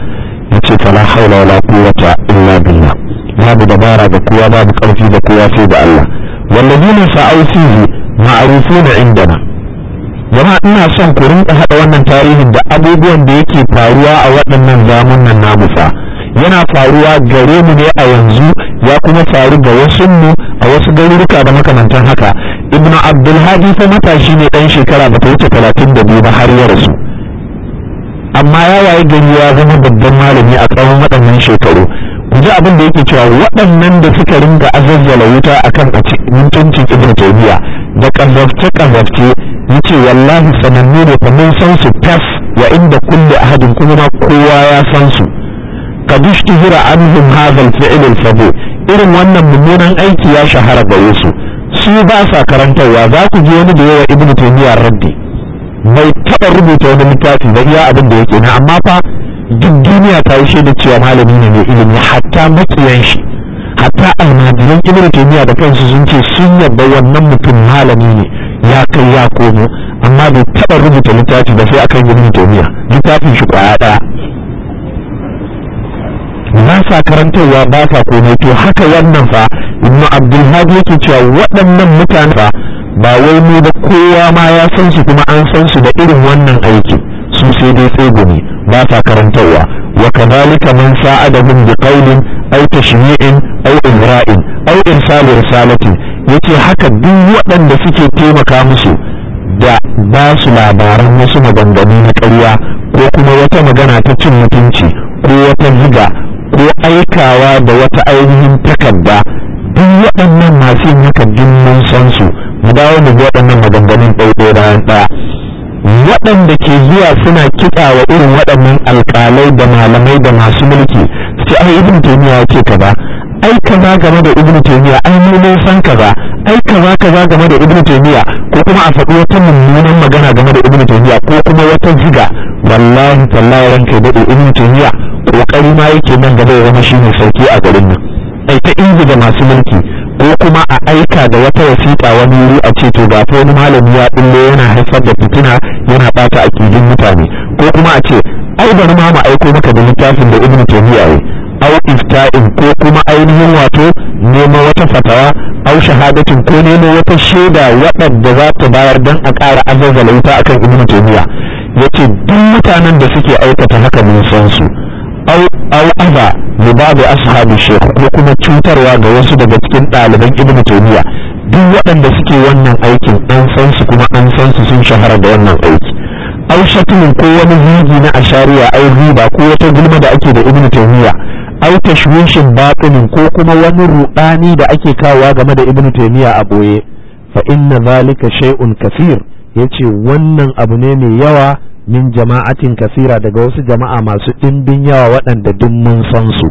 ya ce fala haula wala quwwata illa billah babu dabara ga kowa babu ƙarfi da kowa sai da Allah wallazina sa'ausihi ma'rufuna indana jama'a ina son ku rinka haɗa wannan tarihin da abubuwan da yake faruwa a waɗannan zamanin namu fa yana faruwa gare mu ne a yanzu ya kuma faru ga wasu mu a wasu garuruka da makamantan haka ibnu abdulhadi fa matashi ne dan shekara ba ta wuce talatin da biyu ba har ya rasu amma ya waye gari ya zama babban malami a tsawon waɗannan shekaru ji abin da yake cewa waɗannan da suka ringa azazzala wuta akan a mutuncin ibnu taymiya da kazafce kazafce yace wallahi sanannu ne fa mun san su tas wa inda kulli ahadin kuma kowa ya san su kad ishtihira anhum hadha al-fi'l al irin wannan mummunan aiki ya shahara gare su su ba sa karantarwa za ku ji wani da yawa ibn taymiyyah raddi bai taɓa rubuta wani littafi ba iya abin da yake na amma fa duk duniya ta yi shaida cewa malami ne mai ilimi hatta makiyan shi hatta almajiran ibn taymiyyah da kansu sun ce sun yarda wannan mutum malami ne ya kai ya komo amma bai taɓa rubuta littafi ba sai akan ibn taymiyyah littafin shi kwaya ɗaya ba sa karantarwa ba sa komai to haka wannan fa ibnu abdulhad yake cewa waɗannan mutane ba ba wai mu ba kowa ma ya san su kuma an san su da irin wannan aiki su sai dai tsegumi ba sa karantarwa wa kadhalika man sa'adahum bi qawlin aw tashmi'in aw imra'in aw irsal risalati yace haka duk waɗanda suke taimaka musu da ba su labaran wasu maganganu na ƙarya ko kuma wata magana ta cin mutunci ko wata ziga ko aikawa da wata ainihin takarda waɗannan masu yin haka jimman san su mu dawo mu bi waɗannan maganganun ɗauko bayan ɗaya waɗanda ke zuwa suna kiɗa wa irin waɗannan alƙalai da malamai da masu mulki su ce ai ibn taymiya ya ce kaza ai kaza game da ibn taymiya ai mu mun san kaza ai kaza kaza game da ibn taymiya ko kuma a faɗi wata mummunan magana game da ibn taymiya ko kuma wata ziga wallahi tallahi ranka da ibn taymiya kokari ma yake nan gaba ya zama shine sarki a garin nan ai ta inji da masu mulki ko kuma a aika da wata wasiƙa wani wuri a ce to ga wani malami ya billo yana haifar da fitina yana ɓata ƙirgin mutane ko kuma a ce ai bari ma mu aiko maka da littafin da ibnu taymiya yi au ifta'in ko kuma ainihin wato nemo wata fatawa au shahadatin ko nemo wata shaida waɗanda za ta bayar don a ƙara azazzala wuta akan ibnu ya yace duk mutanen da suke aikata haka mun san su au aba li babu ashabi shekh ko kuma cutarwa ga wasu daga cikin ɗaliban ibn taymiya duk waɗanda suke wannan aikin an san su kuma an san su sun shahara da wannan aiki au shatmin ko wani zigi na ashariya ai riba ko wata gulma da ake da ibn taymiya au tashwishin batinin ko kuma wani rudani da ake kawowa game da ibn taymiya a boye fa inna zalika shay'un ya yace wannan abu ne mai yawa min jama'atin kasira daga wasu jama'a masu ɗimbin yawa waɗanda duk mun san su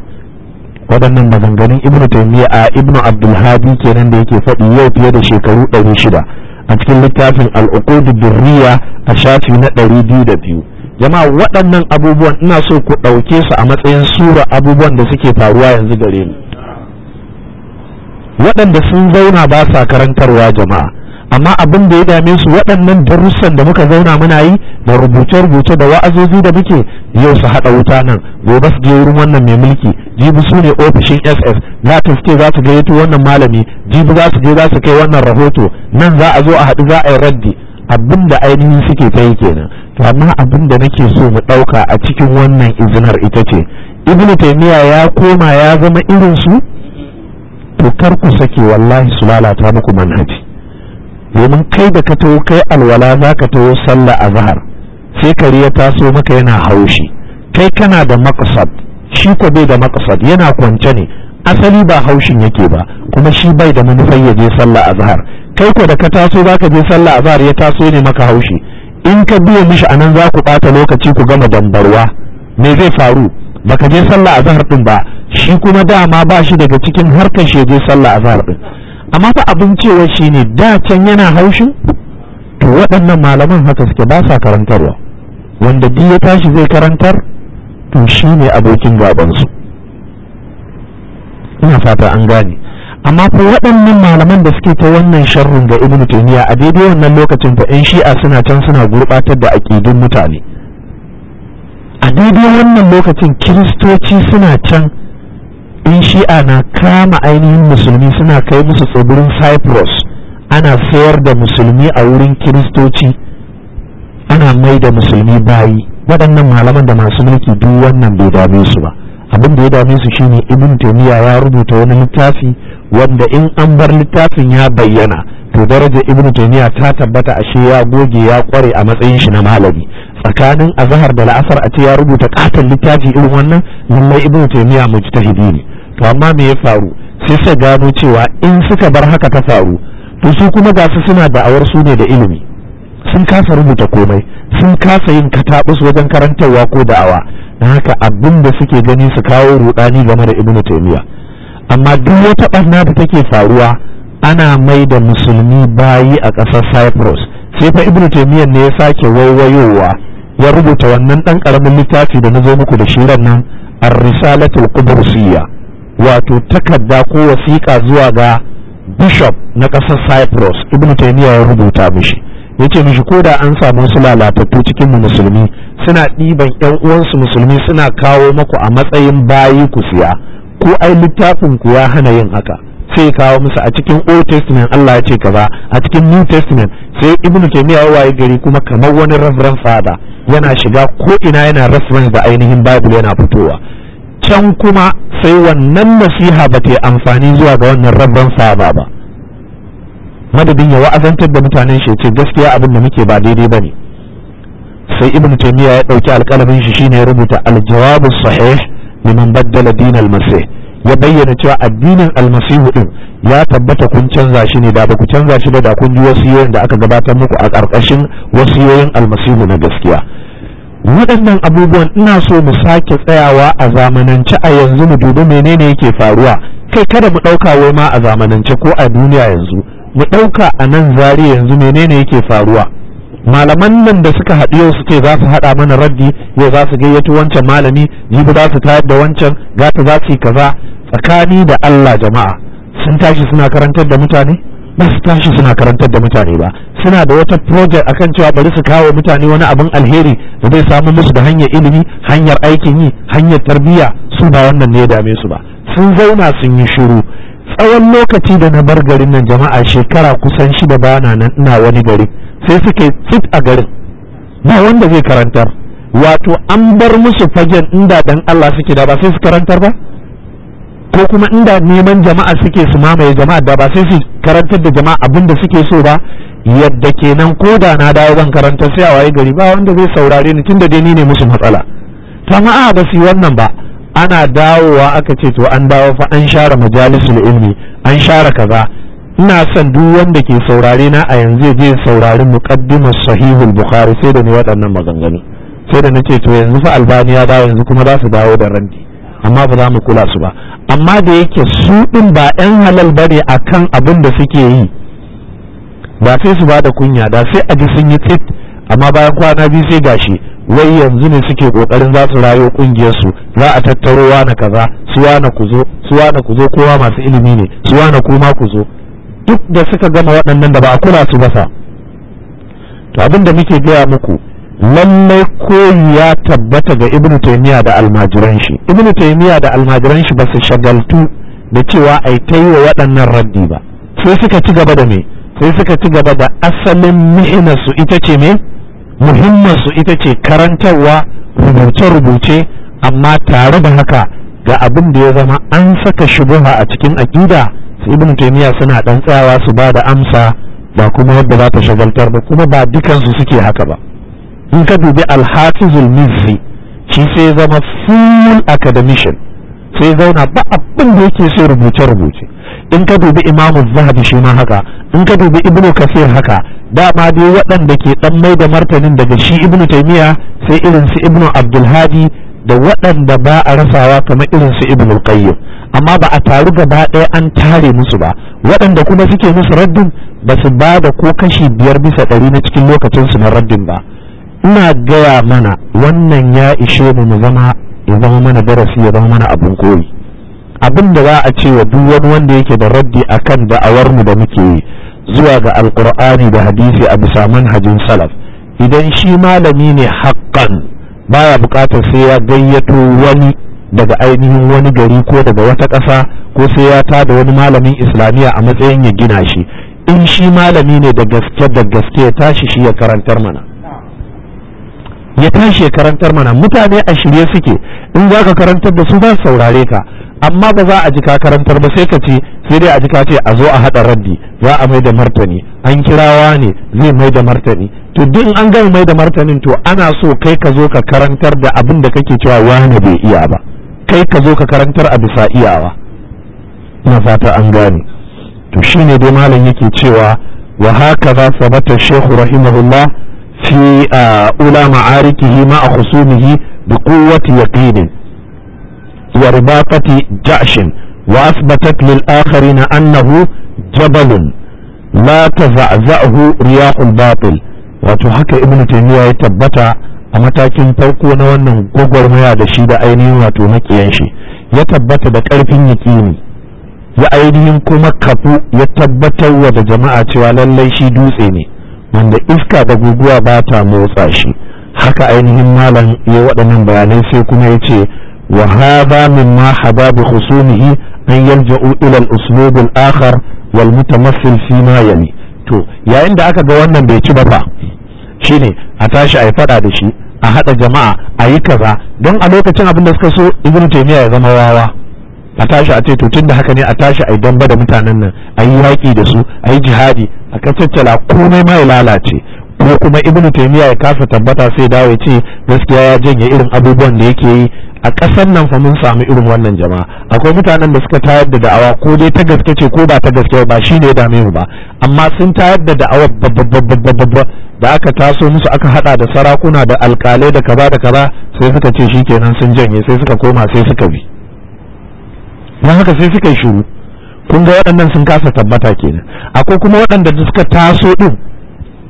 waɗannan maganganun ibnu taymiya a ibnu abdulhadi kenan da yake faɗi yau fiye da shekaru ɗari shida a cikin littafin al'uqudu birriya a shafi na ɗari biyu da biyu jama'a waɗannan abubuwan ina so ku ɗauke su a matsayin sura abubuwan da suke faruwa yanzu gare ni waɗanda sun zauna ba sa karantarwa jama'a amma abin da ya dame su waɗannan darussan da muka zauna muna yi da rubuce-rubuce da wa'azozi da muke yau su haɗa wuta nan gobe su je wurin wannan mai mulki jibi su ne ofishin ss latin ce za su gayyato wannan malami jibi za su je za su kai wannan rahoto nan za a zo a haɗu za a yi raddi abin da ainihin suke ta yi kenan to amma abin da nake so mu ɗauka a cikin wannan izinar ita ce ibnu taimiya ya koma ya zama irin su to kar ku sake wallahi su lalata muku manhaji domin kai da ka taho kai alwala za ka taho sallah a zahar sai kare ya taso maka yana haushi kai kana da maqsad shi ko bai da maqsad yana kwance ne asali ba haushin yake ba kuma shi bai da manufar ya je sallah a zahar kai ko da ka taso za ka je sallah a zahar ya taso ne maka haushi in ka biya mishi anan za ku bata lokaci ku gama dambarwa me zai faru baka je sallah a zahar din ba shi kuma dama ba shi daga cikin harkar shi je sallah a zahar din amma fa abin cewa ne da can yana haushin to waɗannan malaman haka suke ba sa karantarwa wanda duk ya tashi zai karantar to shi ne abokin gabansu ina fata an gane amma fa waɗannan malaman da suke ta wannan sharrin ga ibnu taymiya a daidai wannan lokacin fa in shi'a suna can suna gurɓatar da aƙidun mutane a daidai wannan lokacin kiristoci suna can in shi'a na kama ainihin musulmi suna kai musu tsibirin cyprus ana sayar da musulmi a wurin kiristoci ana mai da musulmi bayi waɗannan malaman da masu mulki duk wannan bai dame su ba abin da ya dame su shine ibn taymiya ya rubuta wani littafi wanda in an bar littafin ya bayyana to daraja ibn taymiya ta tabbata ashe ya goge ya kware a matsayin shi na malami tsakanin azhar da la'asar a ce ya rubuta katon littafi irin wannan lallai ibn taymiya mujtahidi ne to amma me ya faru sai sai gano cewa in suka bar haka ta faru to su kuma gasu suna da'awar su ne da ilimi sun kasa rubuta komai sun kasa yin katabus wajen karantarwa ko da'awa don haka abin da suke gani su kawo rudani game da ibnu taymiya amma duk wata barna da take faruwa ana mai da musulmi bayi a ƙasar cyprus sai fa ibn taymiyyah ne ya sake waiwayowa ya rubuta wannan ɗan ƙaramin littafi da na zo muku da shi nan ar-risalatul qubrusiyya wato takarda ko wasiƙa zuwa ga bishop na ƙasar cyprus ibn taymiyyah ya rubuta mishi yace mishi ko da an samu wasu lalatattu cikin mu musulmi suna ɗiban ƴan uwansu musulmi suna kawo maku a matsayin bayi ku siya ko ai littafin ku ya hana yin haka sai kawo musu a cikin old testament Allah ya ce kaza a cikin new testament sai ibnu taymiya waye gari kuma kamar wani reverend father yana shiga ko ina yana reference da ainihin bible yana fitowa can kuma sai wannan nasiha ba ta amfani zuwa ga wannan reverend father ba madadin ya wa'azantar da mutanen shi ce gaskiya abin da muke ba daidai bane sai ibnu taymiya ya dauki alƙalamin shi shine ya rubuta al-jawab sahih liman baddala din al-masih ya bayyana cewa addinin almasihu din ya tabbata kun canza shi ne da ba ku canza shi ba da kun ji wasu yoyin da aka gabatar muku a ƙarƙashin yoyin almasihu na gaskiya waɗannan abubuwan ina so mu sake tsayawa a zamanance a yanzu mu dubi menene yake faruwa kai kada mu ɗauka wai ma a zamanance ko a duniya yanzu mu ɗauka a nan zari yanzu menene yake faruwa malaman nan da suka haɗu yau su ce za su haɗa mana raddi yau za su gayyato wancan malami jibi za su tayar da wancan gata za su yi kaza tsakani da Allah jama'a sun tashi suna karantar da mutane ba su tashi suna karantar da mutane ba suna da wata project akan cewa bari su kawo mutane wani abin alheri da zai samu musu da hanyar ilimi hanyar aikin yi hanyar tarbiyya su ba wannan ne ya dame su ba sun zauna sun yi shiru tsawon lokaci da na bar garin nan jama'a shekara kusan shida bana nan ina wani gari sai suke fit a garin ba wanda zai karantar wato an bar musu fagen inda dan Allah suke da ba sai su karantar ba ko kuma inda neman jama'a suke su mamaye jama'a da ba sai su karantar da jama'a abinda suke so ba yadda kenan ko da na dawo ban karanta sai a waye gari ba wanda zai saurare ni tunda dai ni ne musu matsala ta ma'a ba su yi wannan ba ana dawowa aka ce to an dawo fa an share majalisul ilmi an share kaza ina son duk wanda ke saurare na a yanzu je saurari muqaddimar sahihul bukhari sai da ni waɗannan maganganu sai da na ce to yanzu fa albaniya da yanzu kuma za su dawo da randi amma ba za mu kula su ba amma da yake su din ba yan halal bane akan abin da suke yi ba sai su bada kunya da sai a ji sun yi tit amma bayan kwana biyu sai gashi wai yanzu ne suke kokarin za su rayo kungiyar su za a tattaro wa na kaza su wa na kuzo su wa na kuzo kowa masu ilimi ne su na kuma kuzo. duk da suka gama waɗannan da ba a kula su basa to abin da muke gaya muku lallai koyi ya tabbata ga ibnu taymiya da almajiran shi ibnu taymiya da almajiran shi ba su shagaltu da cewa ai ta yi wa waɗannan raddi ba sai suka ci gaba da me sai suka ci gaba da asalin su ita ce me su ita ce karantarwa rubuce-rubuce amma tare da haka ga abin da ya zama an saka shubuha a cikin aƙida su ibn taymiya suna dan tsayawa su ba da amsa ba kuma yadda za ta shagaltar ba kuma ba dukansu suke haka ba in ka dubi alhafizul mizzi shi sai zama full academician sai zauna ba abin da yake so rubuce rubuce in ka dubi imamu zahabi shi ma haka in ka dubi ibnu kasir haka dama dai waɗanda ke dan mai da martanin daga shi ibnu taymiya sai irin su ibnu abdulhadi da waɗanda ba a rasawa kamar irin su ibnul qayyim amma ba a taru gaba ɗaya an tare musu ba waɗanda kuma suke musu raddin ba su ba da ko kashi biyar bisa ɗari na cikin lokacin su na raddin ba ina gaya mana wannan ya ishe mu mu zama ya zama mana darasi ya zama mana abin koyi abin da za a ce wa duk wani wanda yake da raddi akan da'awar mu da muke yi zuwa ga alkur'ani da hadisi a bisa manhajin salaf idan shi malami ne haƙƙan baya bukatar sai ya gayyato wani daga ainihin wani gari ko daga wata ƙasa ko sai ya da wani malamin islamiyya a matsayin ya gina shi in shi malami ne da gaske da gaske ya tashi shi ya karantar mana ya tashi ya karantar mana mutane a shirye suke in za ka karantar da su ba saurare ka amma ba za a ji ka karantar ba sai ka ce sai dai a ji ka ce a zo a haɗa raddi za a mai da martani an kirawa ne zai mai da martani to duk an gama mai da martanin to ana so kai ka zo ka karantar da abin da kake cewa wani bai iya ba kai ka zo ka karantar a bisa iyawa ina fata an gane to shine dai malam yake cewa wa haka hakaza sabata shehu rahimahullah fi ula ma'arikihi ma a khusumihi bi quwwati yaqinin wa ribatati ja'shin وأثبتت للآخرين أنه جبل لا تزعزعه رياح الباطل ibnu ابن ya tabbata a matakin farko na wannan gwagwarmaya da shi da ainihin wato makiyan shi ya tabbata da ƙarfin yaƙini ya ainihin kuma kafu ya tabbatar wa da jama'a cewa lallai shi dutse ne wanda iska da guguwa ba ta motsa shi haka ainihin malam ya waɗannan bayanai sai kuma ya ce wa hadha mimma hada bi khusumihi an yalja'u ila al-uslub akhar wal mutamassil ma yali to yayin da aka ga wannan bai ci ba fa shine a tashi a yi fada da shi a haɗa jama'a a yi kaza don a lokacin abin da suka so ibn taymiya ya zama wawa a tashi a ce to tun da haka ne a tashi ayi dambe da mutanen nan ayi yi yaƙi da su ayi jihadi a kacaccala komai ma ya lalace ko kuma ibnu taymiya ya kasa tabbata sai dawo ce gaskiya ya janye irin abubuwan da yake yi a ƙasar nan fa mun samu irin wannan jama'a akwai mutanen da suka tayar da da'awa ko dai ta gaske ce ko ba ta gaske ba shine ya dame mu ba amma sun tayar da da'awa babba da aka taso musu aka hada da sarakuna da alkalai da kaza da kaza sai suka ce shikenan sun janye sai suka koma sai suka bi don haka sai suka yi shiru kun ga waɗannan sun kasa tabbata kenan akwai kuma waɗanda suka taso din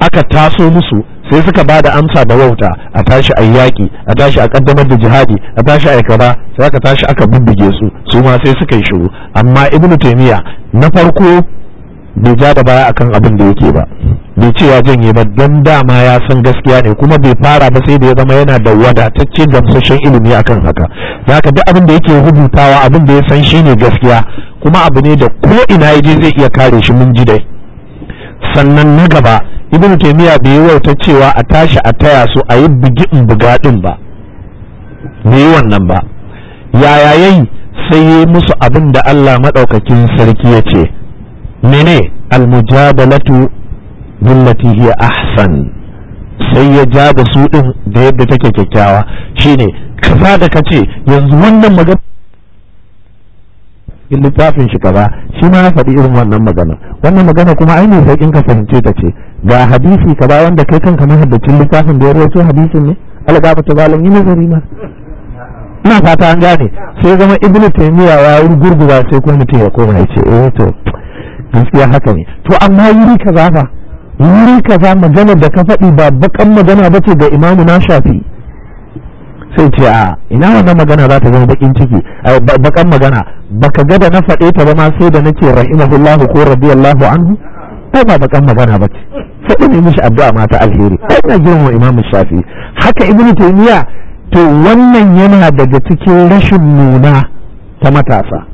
aka taso musu sai suka ba da amsa da wauta a tashi a yaki a tashi a kaddamar da jihadi a tashi a kaza sai aka tashi aka bubbuge su su ma sai suka yi shiru amma ibnu taymiya na farko bai ja da baya akan abin da yake ba bai ce ya janye ba don dama ya san gaskiya ne kuma bai fara ba sai da ya zama yana da wadataccen gamsashen ilimi akan haka da haka duk abin da yake rubutawa abin da ya san shi ne gaskiya kuma abu ne da ko ina yaje zai iya kare shi mun ji dai sannan na gaba ibn taymiya bai yi wauta cewa a tashi a taya su a yi bugi in buga din ba bai yi wannan ba yaya yayi sai yi musu abin da Allah madaukakin sarki ya ce mene almujabalatu billati hiya ahsan sai ya ja da su din da yadda take kyakkyawa shine kaza da kace yanzu wannan magana littafin shi kaza shi ma ya faɗi irin wannan magana wannan magana kuma ainihin sai in ka fahimce ta ce ga hadisi ka ba wanda kai kanka mahaddacin littafin da ya rawaito hadisin ne algafa ta malam yi nazari ma ina fata an gane sai zama ibnu taymiya ya gurgura sai kuma mutum ya koma ya ce eh to gaskiya haka ne to amma wuri kaza fa wuri kaza magana da ka faɗi ba bakan magana ba ce ga imamu na shafi sai ce a ina wannan magana za ta zama bakin ciki bakan magana baka ga da na faɗe ta ba ma sai da nake rahimahullahu ko radiyallahu anhu ai ba bakan magana ba ce sai da mishi addu'a mata alheri ina girma imam shafi haka ibn taymiya to wannan yana daga cikin rashin nuna ta matasa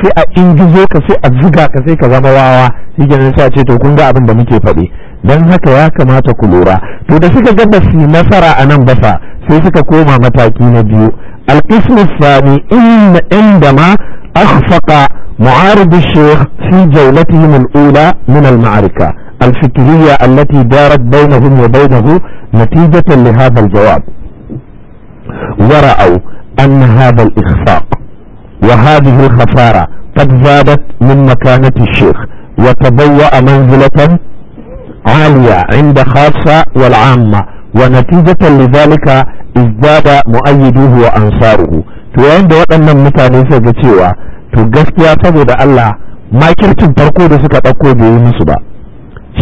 sai a ingizo ka sai a ziga ka sai ka zama wawa shi kenan sai a ce to kun ga abin da muke faɗi don haka ya kamata ku lura to da suka ga su nasara a nan basa sai suka koma mataki na biyu القسم الثاني إن عندما أخفق معارض الشيخ في جولتهم الأولى من المعركة الفكرية التي دارت بينهم وبينه نتيجة لهذا الجواب ورأوا أن هذا الإخفاق وهذه الخسارة قد زادت من مكانة الشيخ وتبوأ منزلة عالية عند خاصة والعامة ونتيجة لذلك ازداد مؤيدوه وأنصاره تواند وأن المتاني سيجتوا تقفت يا سبب الله ما كرتم تركوا سكت أقول بهم سبا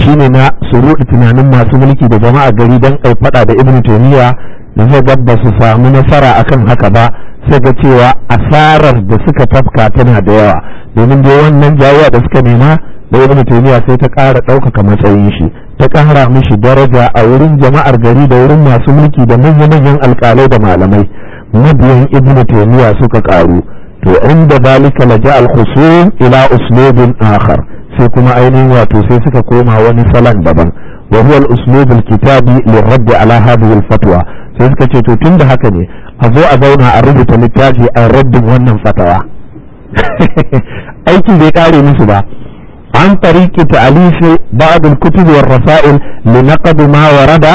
shine na suruɗi tunanin masu mulki da jama'a gari don kai faɗa da ibn taymiya da zai ga su samu nasara akan haka ba sai ga cewa asarar da suka tafka tana da yawa domin dai wannan jayayya da suka nema da ibn taymiya sai ta ƙara ɗaukaka matsayin shi ta ƙara mishi daraja a wurin jama'ar gari da wurin masu mulki da manya-manyan alƙalai da malamai mabiyan ibn taymiya suka ƙaru to inda zalika laja al-khusum ila uslubin akhar sai kuma ainihin wato sai suka koma wani salon daban wa huwa al-uslub al-kitabi lirradd ala hadhihi al-fatwa sai suka ce to tunda haka ne a zo a zauna a rubuta littafi a raddin wannan fatawa aikin bai kare musu ba an tariki ta'alifi ba'd al-kutub wa rasail li ma warada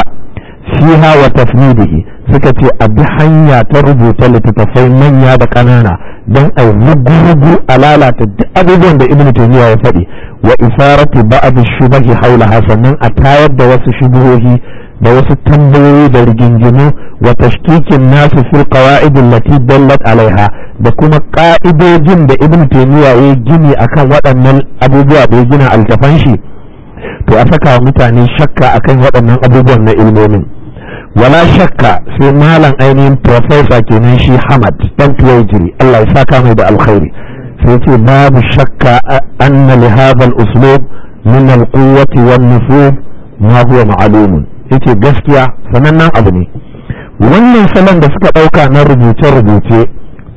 fiha wa tafnidihi suka ce a bi hanya ta rubuta littattafai manya da ƙanana don a rugu-rugu a lalata duk abubuwan da ibnu taymiya ya faɗi wa isaratu ba'd shubahi haula hasannan a tayar da wasu shubuhohi da wasu tambayoyi da rigingimu wa tashkikin nasu fil qawaid allati dallat alaiha da kuma ka'idojin da ibnu taymiya ya gini akan waɗannan abubuwa da ya gina altafan shi to a saka mutane shakka akan waɗannan abubuwan na ilmomin wala shakka sai malam ainihin profesa kenan shi hamad dan jiri allah ya saka mai da alkhairi sai ce babu shakka anna li hadha uslub min al-quwwati wan nufuz ma huwa ma'lum yace gaskiya sanannen abu ne wannan salon da suka dauka na rubuce-rubuce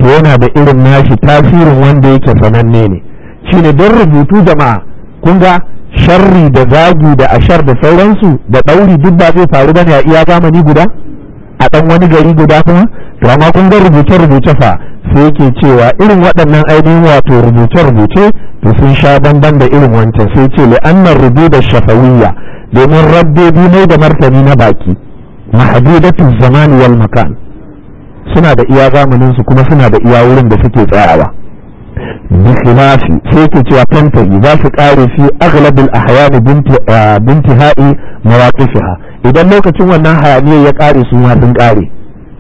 to yana da irin nashi tasirin wanda yake sananne ne shine don rubutu jama'a kun ga sharri da zagi da ashar da sauransu da ɗauri duk ba zai faru bane a iya zamani guda a ɗan wani gari guda kuma rama kun ga rubuce-rubuce fa sai yake cewa irin waɗannan ainihin wato rubuce-rubuce to sun sha banban da irin wancan sai ce rubu da shafawiyya domin rabbobi mai da martani na baki tun zamani wal makan suna da iya zamanin kuma suna da iya wurin da suke tsayawa bi khilafi sai ke cewa tantahi za su kare fi aghlabil ahyan bintihai mawaqifiha idan lokacin wannan hayaniyar ya kare su ma sun kare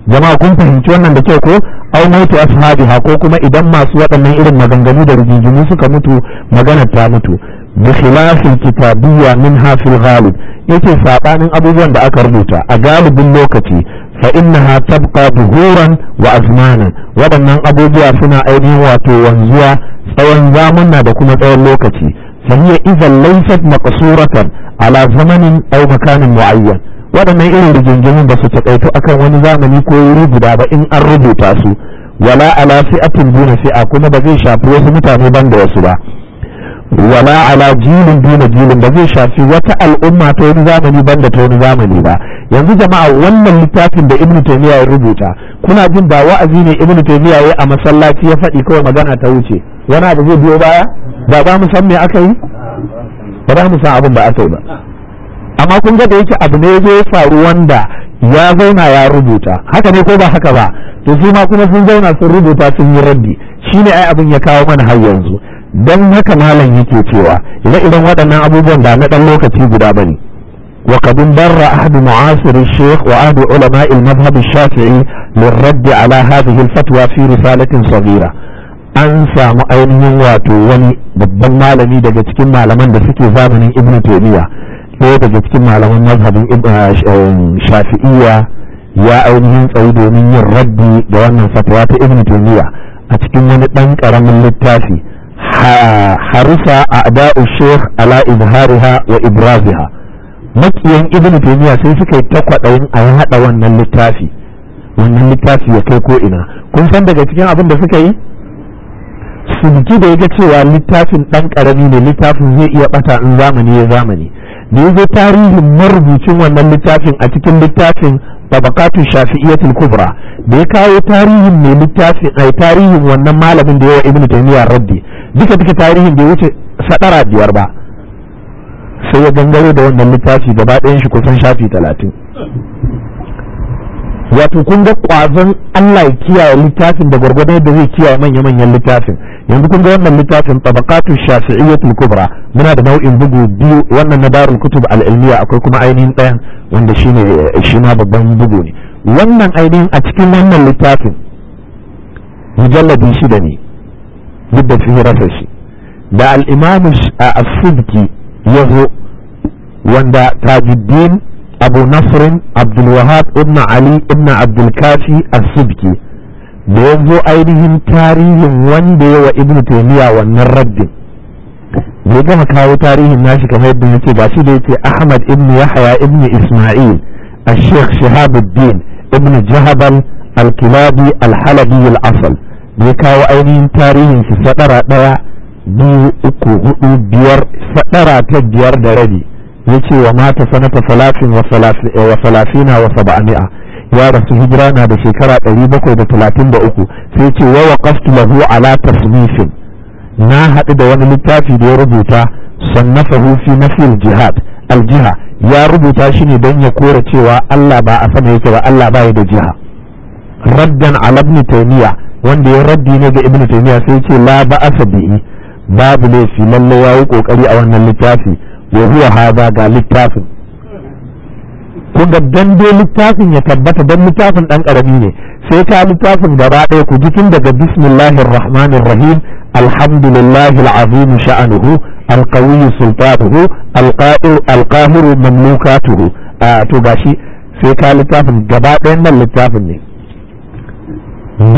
jama'a kun fahimci wannan da kyau ko au mutu ashabiha ko kuma idan masu waɗannan irin maganganu da rigingimu suka mutu maganar ta mutu bi khilafil kitabiyya min hafil ghalib yake saɓanin abubuwan da aka rubuta a galibin lokaci fa innaha tabqa buhuran wa azmana waɗannan abubuwa suna ainihin wato wanzuwa tsawon zamanna da kuma tsawon lokaci fa hiya idan laysat maqsuratan ala zamanin aw makanin muayyan waɗannan irin rigingimin ba su taƙaito akan wani zamani ko wuri guda ba in an rubuta su wala ala fi'atin duna fi'a kuma ba zai shafi wasu mutane ban da wasu ba wala ala jilin duna jilin ba zai shafi wata al'umma ta wani zamani banda ta wani zamani ba yanzu jama'a wannan littafin da ibnu taymiya ya rubuta kuna jin ba wa'azi ne ibnu taymiya ya a masallaci ya faɗi kawai magana ta wuce wani abu zai biyo baya ba ba mu san me aka yi ba za mu san abin ba aka yi ba amma kun ga da yake abu ne zai faru wanda ya zauna ya rubuta haka ne ko ba haka ba to su ma kuma sun zauna sun rubuta sun yi raddi shine ai abin ya kawo mana har yanzu don haka malam yake cewa ire idan waɗannan abubuwan da na ɗan lokaci guda ba ne wa kadun barra ahadu mu'asiri sheikh wa ahadu ulama mazhab shafi'i lirraddi ala hadhihi fatwa fi risalatin saghira an samu ainihin wato wani babban malami daga cikin malaman da suke zamanin ibnu taymiya ko daga cikin malaman mazhabin eh, eh, shafi'iyya ya ainihin tsayi domin yin raddi da wannan Fatwa ta ibnu taymiya a cikin wani ɗan ƙaramin littafi harusa a da'u ala izhariha wa ibraziha maƙiyan ibn taymiya sai suka yi a haɗa wannan littafi wannan littafi ya kai ko ina kun san daga cikin abin da suka yi sulki da ya ga cewa littafin dan ƙarami ne littafin zai iya bata in zamani ya zamani ne zai tarihin marubucin wannan littafin a cikin littafin shafi shafi'iyyatul kubra bai kawo tarihin mai littafin ai tarihin wannan malamin da yawa ibnu taymiyyah raddi duka duka tarihin da ya wuce sadara biyar ba sai ya gangare da wannan littafi gabaɗayan ɗayan shi kusan shafi talatin wato kun ga kwazon Allah ya kiyaye littafin da gwargwadon yadda zai kiyaye manya-manyan littafin yanzu kun ga wannan littafin tabaqatu shafi'iyyatul kubra muna da nau'in bugu biyu wannan na darul kutub al-ilmiya akwai kuma ainihin ɗayan wanda shine shi babban bugu ne wannan ainihin a cikin wannan littafin mujalladi shida ne duk da fihirarsa shi da al-imam as-sidki yazo wanda tajuddin abu nasrin abdulwahab ibn ali ibn abdulkafi asibki da ya zo ainihin tarihin wanda ya wa ibn taimiyya wannan raddin da ya gama kawo tarihin nashi kamar yadda ya ba shi da ya ahmad ibn yahya ibn isma'il الشيخ شهاب الدين ابن جهبل الكلابي الحلبي الأصل ya kawo ainihin tarihin shi faɗara ɗaya biyu uku hudu biyar sadara ta biyar da rabi ya ce wa mata sanata salatin wa salafina eh, wa saba'ami'a ya rasu hijira na da shekara ɗari bakwai da talatin da uku sai ce wa waqaftu lahu ala tasnifin na haɗu da wani littafi da ya rubuta sannafahu fi nafil jihad aljiha ya rubuta shi ne don ya kora cewa Allah ba a sama yake ba Allah ba ya da jiha raddan ala ibn taymiya wanda ya raddi ne ga ibn taymiya sai ce la ba babu laifi lalle yayi kokari a wannan littafi wa huwa hada ga littafin kun ga dan littafin ya tabbata dan littafin dan karami ne sai ta littafin gaba ɗaya ku jikin daga bismillahir rahmanir rahim alhamdulillahi alazim sha'anuhu alqawiyyu sultanuhu alqadir alqahiru mamlukatuhu a to gashi sai ta littafin gaba ɗayan nan littafin ne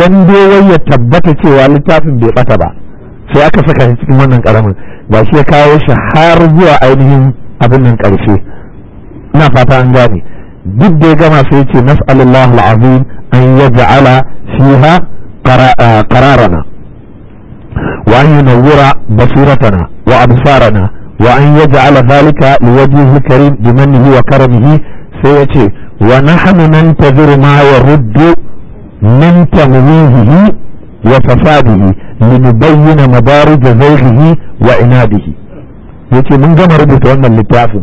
dan wai ya tabbata cewa littafin bai bata ba sai aka saka shi cikin wannan karamin ba shi ya kawo shi har zuwa ainihin abin nan karshe ina fata an gane duk da ya gama sai ya ce nas'alullah al'azim an yaj'ala fiha qararana wa an yunawwira basiratana wa absarana wa an yaj'ala dhalika liwajhihi karim bimannihi wa karamihi sai ya ce wa nahnu nantazir ma yaruddu min tamwihihi وفساده لنبين مدارج زيغه وعناده yace mun gama rubuta wannan littafin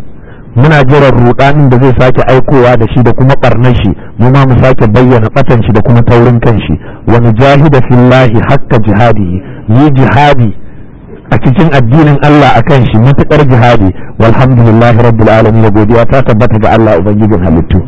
muna jiran rudanin da zai sake aikowa da shi da kuma barnar shi mu ma mu sake bayyana batan shi da kuma taurin kan shi wani jahida fillahi hakka jihadi yi jihadi a cikin addinin Allah kan shi matukar jihadi walhamdulillahi rabbil alamin godiya ta tabbata ga Allah ubangijin halittu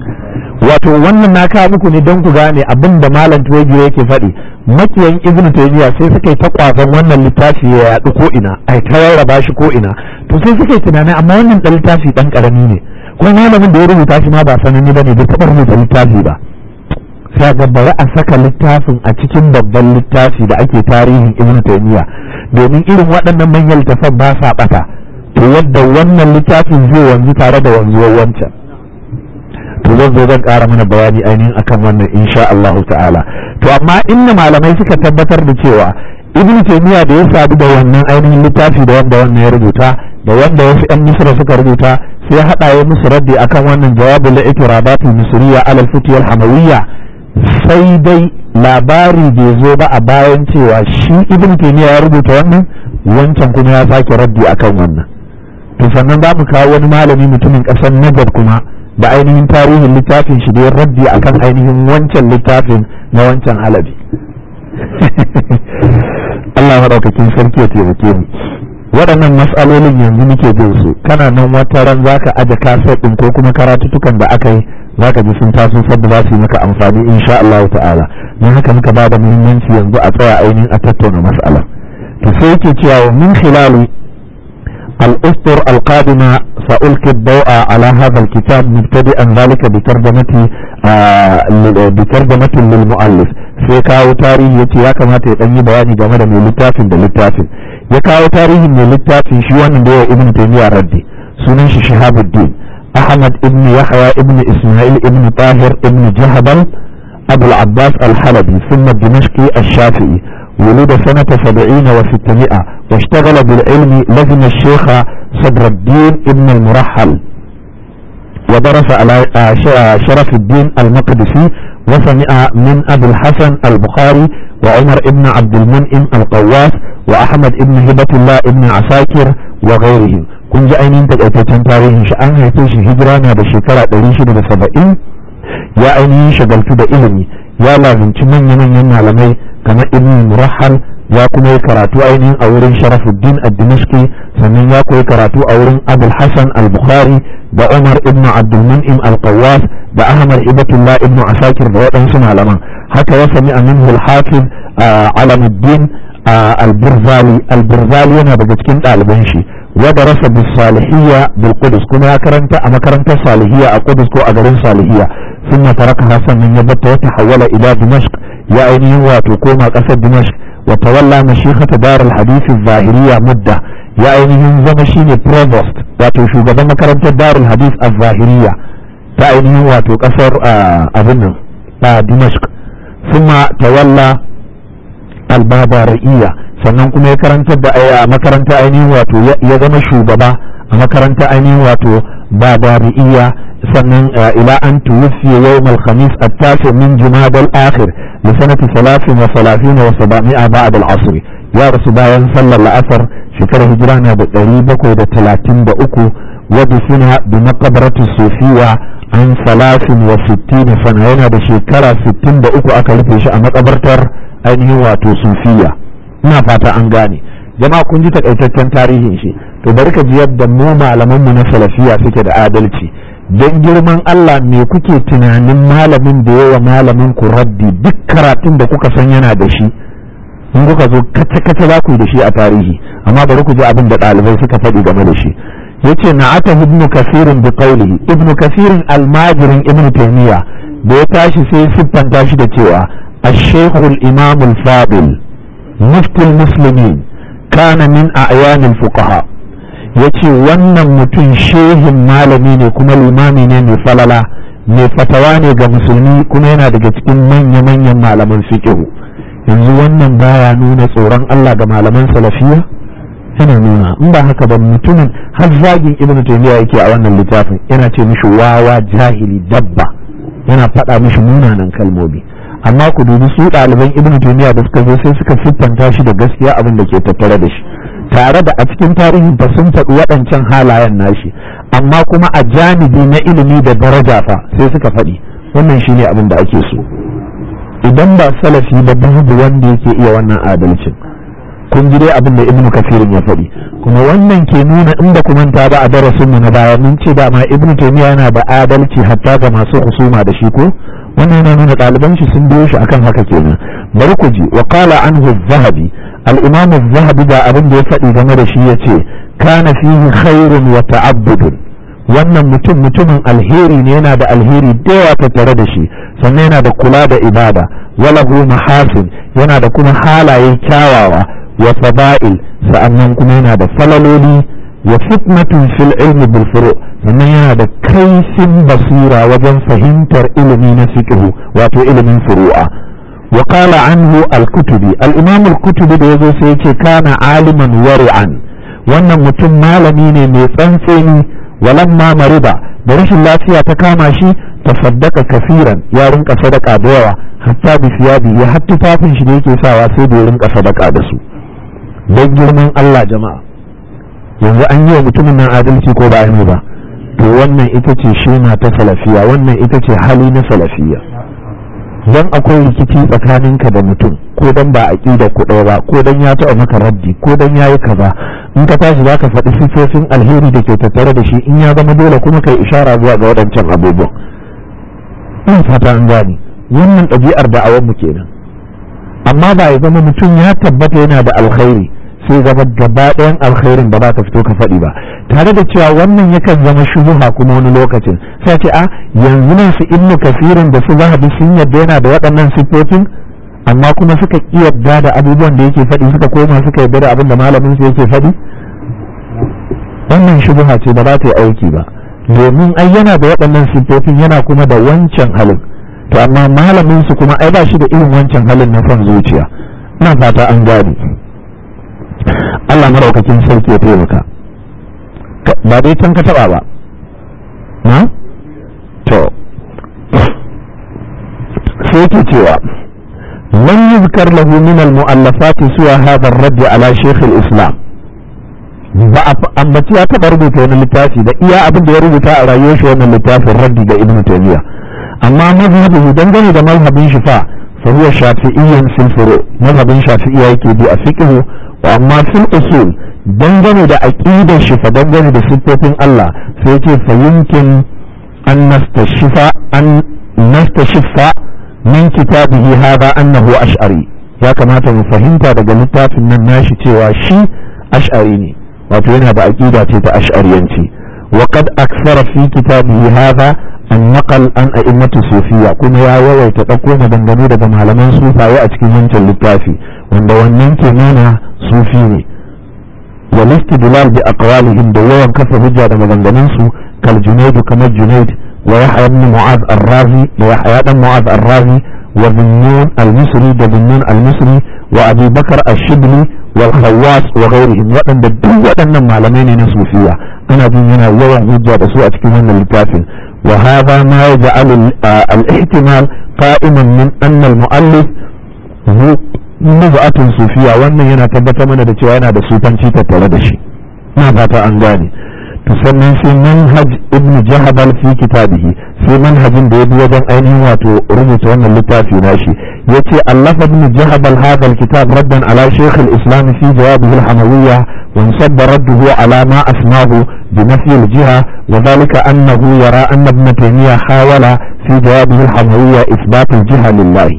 wato wannan na ka muku ne don ku gane abin da malam tuwaji yake faɗi makiyan ibnu taymiya sai suka yi ta wannan littafi ya yaɗu ko ina ai ta rarraba shi ko ina to sai suka yi tunanin amma wannan ɗan littafi ɗan ƙarami ne kuma malamin da ya rubuta shi ma ba sananne ba ne bai taɓa rubuta littafi ba sai ga bari a saka littafin a cikin babban littafi da ake tarihin ibnu taymiya domin irin waɗannan manyan littafan ba sa ɓata to yadda wannan littafin zai wanzu tare da wanzuwar wancan to zan zo zan ƙara mana bayani ainihin akan wannan insha Allah ta'ala to amma inna malamai suka tabbatar da cewa ibn taymiya da ya sadu da wannan ainihin littafi da wanda wannan ya rubuta da wanda wasu yan misra suka rubuta sai ya haɗa ya musu raddi akan wannan jawabin la itirabatul misriya alal futiyal hamawiyya sai dai labari bai zo ba a bayan cewa shi ibn taymiya ya rubuta wannan wancan kuma ya sake raddi akan wannan to sannan za mu kawo wani malami mutumin ƙasar nagar kuma da ainihin tarihin littafin shi da raddi akan ainihin wancan littafin na wancan alabi Allah maɗaukakin sarki ya taimake mu waɗannan matsalolin yanzu muke bin su kana nan wata ran zaka aje kaset ɗin ko kuma karatutukan da aka yi zaka ji sun taso saboda za su yi maka amfani insha Allah ta'ala don haka muka ba da muhimmanci yanzu a tsaya ainihin a tattauna mas'ala to sai yake cewa mun khilali الاسطر القادمة سألقي الضوء على هذا الكتاب مبتدئا ذلك بترجمة بترجمتي آه، بترجمة للمؤلف في كاو تاريه يتياك ما تيجي بواني جامدة من لتاتن يا لتاتن يكاو تاريه من لتاتن شوان ابن تيمية ردي سننش شهاب الدين احمد ابن يحيى ابن اسماعيل ابن طاهر ابن جهبل ابو العباس الحلبي ثم الدمشقي الشافعي ولد سنة سبعين وستمائة واشتغل بالعلم لزم الشيخ صدر الدين ابن المرحل ودرس على شرف الدين المقدسي وسمع من أبي الحسن البخاري وعمر ابن عبد المنئم القواس وأحمد ابن هبة الله ابن عساكر وغيرهم كنت أين انت تاريخ شأنها يتوشي هجرانا بشكرة 670 ya ainihin shagaltu da ilimi ya lazimci manya-manyan malamai kamar ibn murahal ya kuma yi karatu ainihin a wurin sharafuddin ad-dimashqi sannan ya koyi karatu a wurin abul hasan al-bukhari da umar ibn abdul mun'im al-qawwas da ahmad ibatullah ibn asakir da waɗansu malaman haka ya sami amin al-hafiz ah, alamuddin ah, al-burzali al-burzali yana daga cikin ɗaliban shi ya darasa bisalihiyya bil qudus kuma ya karanta a makarantar salihiyya a kudus ko a garin salihiyya ثم تركها سنن يبت وتحول إلى دمشق يعني هو تقوم قصد دمشق وتولى مشيخة دار الحديث الظاهرية مدة يعني هم زمشين بروفوست واتو شو قبل مكرمة دار الحديث الظاهرية يعني هو تقصر أظن دمشق ثم تولى albabaraiya sannan kuma ya karantar da a makaranta ainihin wato ya zama shugaba a makaranta ainihin wato babari'iya sannan uh, ila an tuwfi yawm al-khamis at-tasi min jumada al-akhir li sanati 33 wa 700 ba'da al-asr ya rasu bayan sallar la'asar shekarar hijira na da 733 wa dufina bi maqbarati sufiya an 63 sana yana da shekara uku aka rufe shi a makabartar ainihin wato sufiya ina fata an gane jama'a kun ji takaitaccen tarihin shi to bari ka ji yadda mu malaman mu na salafiya suke da adalci don girman Allah me kuke tunanin malamin da yawa malamin ku raddi duk karatun da kuka san yana da shi in kuka zo kace-kace za ku yi da shi a tarihi amma bari ku ji abin da ɗalibai suka faɗi game da shi yace na'ata ibn kasirin bi qawlihi ibn kasirin almajirin ibn taymiya da ya tashi sai siffan shi da cewa الشيخ imamul الفاضل مفتي المسلمين كان من أعيان الفقهاء ya ce wannan mutum shehin malami ne kuma limami ne mai falala mai fatawa ne ga musulmi kuma yana daga cikin manya-manyan malaman fiqhu yanzu wannan baya nuna tsoron Allah ga malaman salafiya yana nuna in ba haka ba mutumin har zagin ibnu taymiya yake a wannan littafin yana ce mishi wawa jahili dabba yana faɗa mishi munanan kalmomi amma ku dubi su ɗaliban ibn duniya da suka zo sai suka siffanta shi da gaskiya abin da ke tattare da shi tare da a cikin tarihi ba sun faɗi waɗancan halayen nashi amma kuma a janibi na ilimi da daraja fa sai suka faɗi wannan shi ne abin da ake so idan ba salafi ba babu wanda yake iya wannan adalcin kun ji dai abin da ibnu kafirin ya faɗi kuma wannan ke nuna in ba ku manta ba a darasinmu na baya mun ce dama ibnu taimiyya yana da adalci hatta ga masu husuma da shi ko wannan yana nuna ɗaliban shi sun biyo shi akan haka kenan bari ku ji wa qala anhu zahabi al-imam zahabi da abin da ya faɗi game da shi yace kana fihi khairun wa ta'abbudun wannan mutum mutumin alheri ne yana da alheri da yawa tattare da shi sannan yana da kula da ibada walahu mahasin yana da kuma halaye kyawawa wa fada'il sa'annan kuma yana da falaloli wa fitnatun fil ilmi bil furu' sannan yana da kaisin basira wajen fahimtar ilimi na fiqhu wato ilimin furu'a wa qala anhu al-kutubi al-imam al-kutubi da yazo sai yace kana aliman wari'an wannan mutum malami ne mai tsantseni walamma mariba da rashin lafiya ta kama shi tafaddaka kafiran ya rinka sadaka da yawa hatta bi siyabi ya hatta tafin shi da yake sawa sai da ya rinka sadaka da su don girman Allah jama'a yanzu an yi wa mutumin nan adalci ko ba yi ba to wannan ita ce shema ta salafiya wannan ita ce hali na salafiya don akwai rikici tsakaninka da mutum ko don ba a ƙida ku ɗaya ba ko don ya taɓa maka raddi ko don ya yi kaza in ka tashi za ka faɗi sifofin alheri da ke tattare da shi in ya zama dole kuma kai ishara zuwa ga waɗancan abubuwan in fata an gane wannan ɗabi'ar da'awar mu kenan amma ba ya zama mutum ya tabbata yana da alkhairi sai zama gaba ɗayan alkhairin ba za ka fito ka faɗi ba tare da cewa wannan yakan zama shubuha kuma wani lokacin sai ce a yanzu nan su ibnu kafirin da su zahabi sun yadda yana da waɗannan siffofin amma kuma suka ki yadda da abubuwan da yake faɗi suka koma suka yadda da abin da malamin su yake faɗi wannan shubuha ce ba za ta yi auki ba domin ai yana da waɗannan siffofin yana kuma da wancan halin to amma malamin su kuma ai ba shi da irin wancan halin na son zuciya ina fata an gane Allah maraukakin sarki ya taimaka ba dai can ka taba ba na to sai ke cewa lam yi lahu min al mu'allafat suwa hadha rabbi ala shaykh al-islam ba a ambaci ya taba rubuta wani littafi da iya abin da ya rubuta a rayuwar shi wannan littafin raddi ga ibn taymiya amma mazhabi dangane da mazhabin shifa fa fa huwa shafi'iyyan silfuru mazhabin shafi'iyya yake bi a fiqh amma sun usul dangane da aqidar shi fa dangane da siffofin Allah sai yake fa yumkin an nastashifa an nastashifa min kitabihi hadha annahu ash'ari ya kamata mu fahimta daga littafin nan nashi cewa shi ash'ari ne wato yana da aqida ce ta ash'ariyanci wa qad akthara fi kitabihi hadha an naqal an a'immatu sufiyya kuma ya yawaita dauko dangane daga malaman sufaye a cikin wancan littafi wanda wannan ke nuna sufi ne listi istidlal bi akwali inda yawan kafa hujja da maganganun su kal junayd kamar junaid wa ya ibn mu'az ar-razi wa ya ibn mu'az ar-razi wa zunnun al-misri da zunnun al-misri wa abu bakar ash-shibli wa al-khawas wa gairi in waɗanda duk waɗannan malamai ne na sufiya ana jin yana yawan hujja da su a cikin wannan littafin وهذا al-ihtimal qa'iman min anna al-mu'allif nub'atun sufiya wannan yana tabbatar mana da cewa yana da sufanci tattare da shi na fata an gane to sannan sai manhaj ibnu jahabal fi kitabihi sai manhajin da ya bi wajen ainihin wato rubuta wannan littafi na nashi yace allafa ibnu jahabal hadha alkitab raddan ala shaykh alislam fi jawabihi alhamawiyya wa sadda radduhu ala ma asmahu بنفي الجهة وذلك أنه يرى أن ابن تيمية حاول في جوابه الحموية إثبات الجهة لله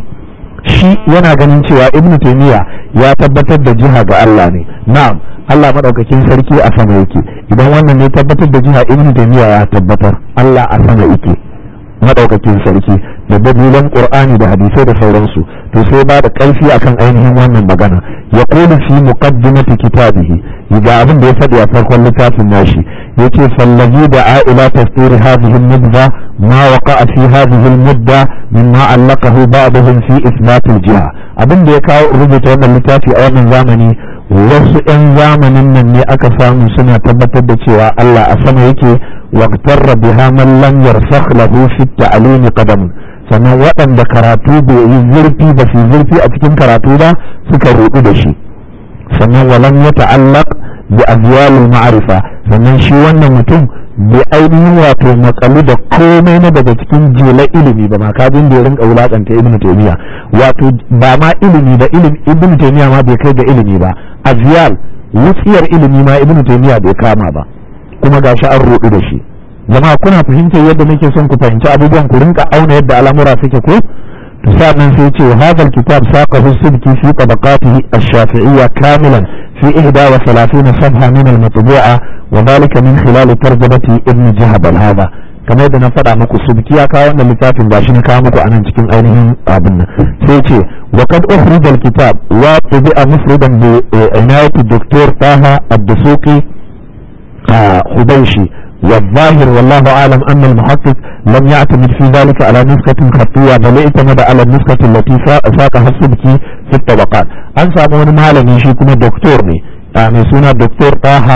shi yana ganin cewa ibn taymiya ya tabbatar da jiha ga Allah ne na'am Allah madaukakin sarki a sama yake idan wannan ne tabbatar da jiha ibn taymiya ya tabbatar Allah a sama yake madaukakin sarki da dalilan qur'ani da hadisai da sauransu to sai ba da karfi akan ainihin wannan magana ya fi muqaddimati kitabihi ga abin da ya faɗi a farkon littafin nashi yace fallazi da a'ila tasdiri hadhihi al-mudda ma waqa'a fi hadhihi al-mudda mimma allaqahu ba'dhum fi isbat al-jiha abin da ya kawo rubuta wannan littafi a wannan zamani wasu 'yan zamanin nan ne aka samu suna tabbatar da cewa Allah a sama yake waktar biha man lam yarsakh lahu fi talim qadam sannan waɗanda karatu bai yi zurfi ba su zurfi a cikin karatu ba suka ruɗu da shi sannan walam ya ta'allaq bi ma'arifa ma'rifa sannan shi wannan mutum bai ainihin wato makalu da komai na daga cikin jela ilimi ba ma kajin da ya rinka wulakanta ibnu taymiya wato ba ma ilimi da ilimi ibnu taymiya ma bai kai ga ilimi ba aziyal wutsiyar ilimi ma ibnu taymiya bai kama ba kuma gashi an rudu da shi jama'a kuna fahimtar yadda nake son ku fahimci abubuwan ku rinka auna yadda al'amura suke ko sannan sai ce hadal kitab saqahu sibki fi tabaqatihi ash-shafi'iyya kamilan fi 31 sabha min al-matbu'a wa dhalika min khilal tarjamati ibn jahab al-hada kamar da na faɗa muku subki ya kawo wannan littafin shi na kawo muku anan cikin ainihin abin nan sai ce wa kad ukhrij al kitab wa tubi'a mufridan bi inayati doktor taha ad-dusuqi hubaishi والظاهر والله أعلم أن المحقق لم يعتمد في ذلك على نسخة خطية بل اعتمد على النسخة التي ساقها السبكي في الطبقات أنسى من مالني شيكم الدكتور يعني سنة دكتور طه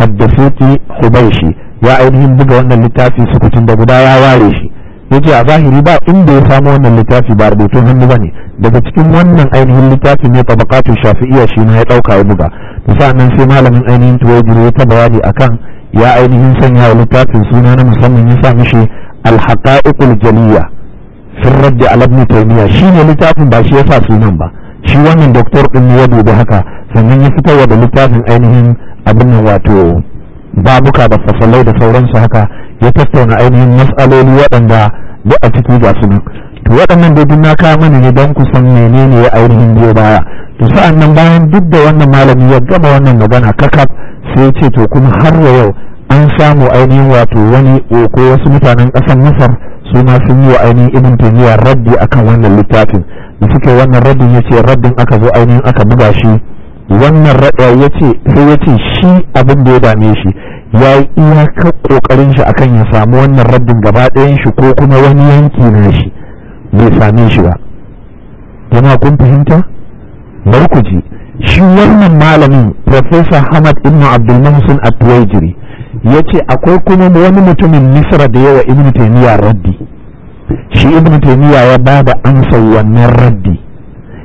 الدسوقي حبيشي ya ainihin buga wannan littafi sukutun da guda ya ware shi yace a zahiri ba inda ya sama wannan littafi ba rubutun hannu bane daga cikin wannan ainihin littafi ne tabaqatu shafi'iyya shi ma ya dauka ya buga to nan sai malamin ainihin tuwajiri ya ta bayani akan ya ainihin sanya wa littafin suna na musamman ya sa mishi alhaqa'iqul jaliya fi raddi ala ibn taymiya shine littafin ba shi ya sa sunan ba shi wannan doktor din ya dubi haka sannan ya fitarwa da littafin ainihin abin nan wato babuka da fasalai da sauransu haka ya tattauna ainihin matsaloli waɗanda duk a ciki ga su to waɗannan dai duk na kawo mana ne don kusan menene ya ainihin biyo baya to sa'an nan bayan duk da wannan malami ya gama wannan magana kakaf sai ce to kuma har yau an samu ainihin wato wani ko wasu mutanen ƙasar masar su ma sun yi wa ainihin ibn taymiya raddi akan wannan littafin da suke wannan raddin ce raddin aka zo ainihin aka buga shi wannan raɗa eh, ya ce sai ya ce shi abin da ya dame shi ya yi ƙoƙarin shi akan ya samu wannan raddin gaba ɗayan shi ko kuma wani yanki na shi bai same shi ba yana kun fahimta barkuji. shi wannan malamin professor hamad ibn abdul atwaijiri at ya yace akwai kuma wani mutumin misra da yawa ibn taymiya raddi shi ibn taymiya ya ba da amsa wannan raddi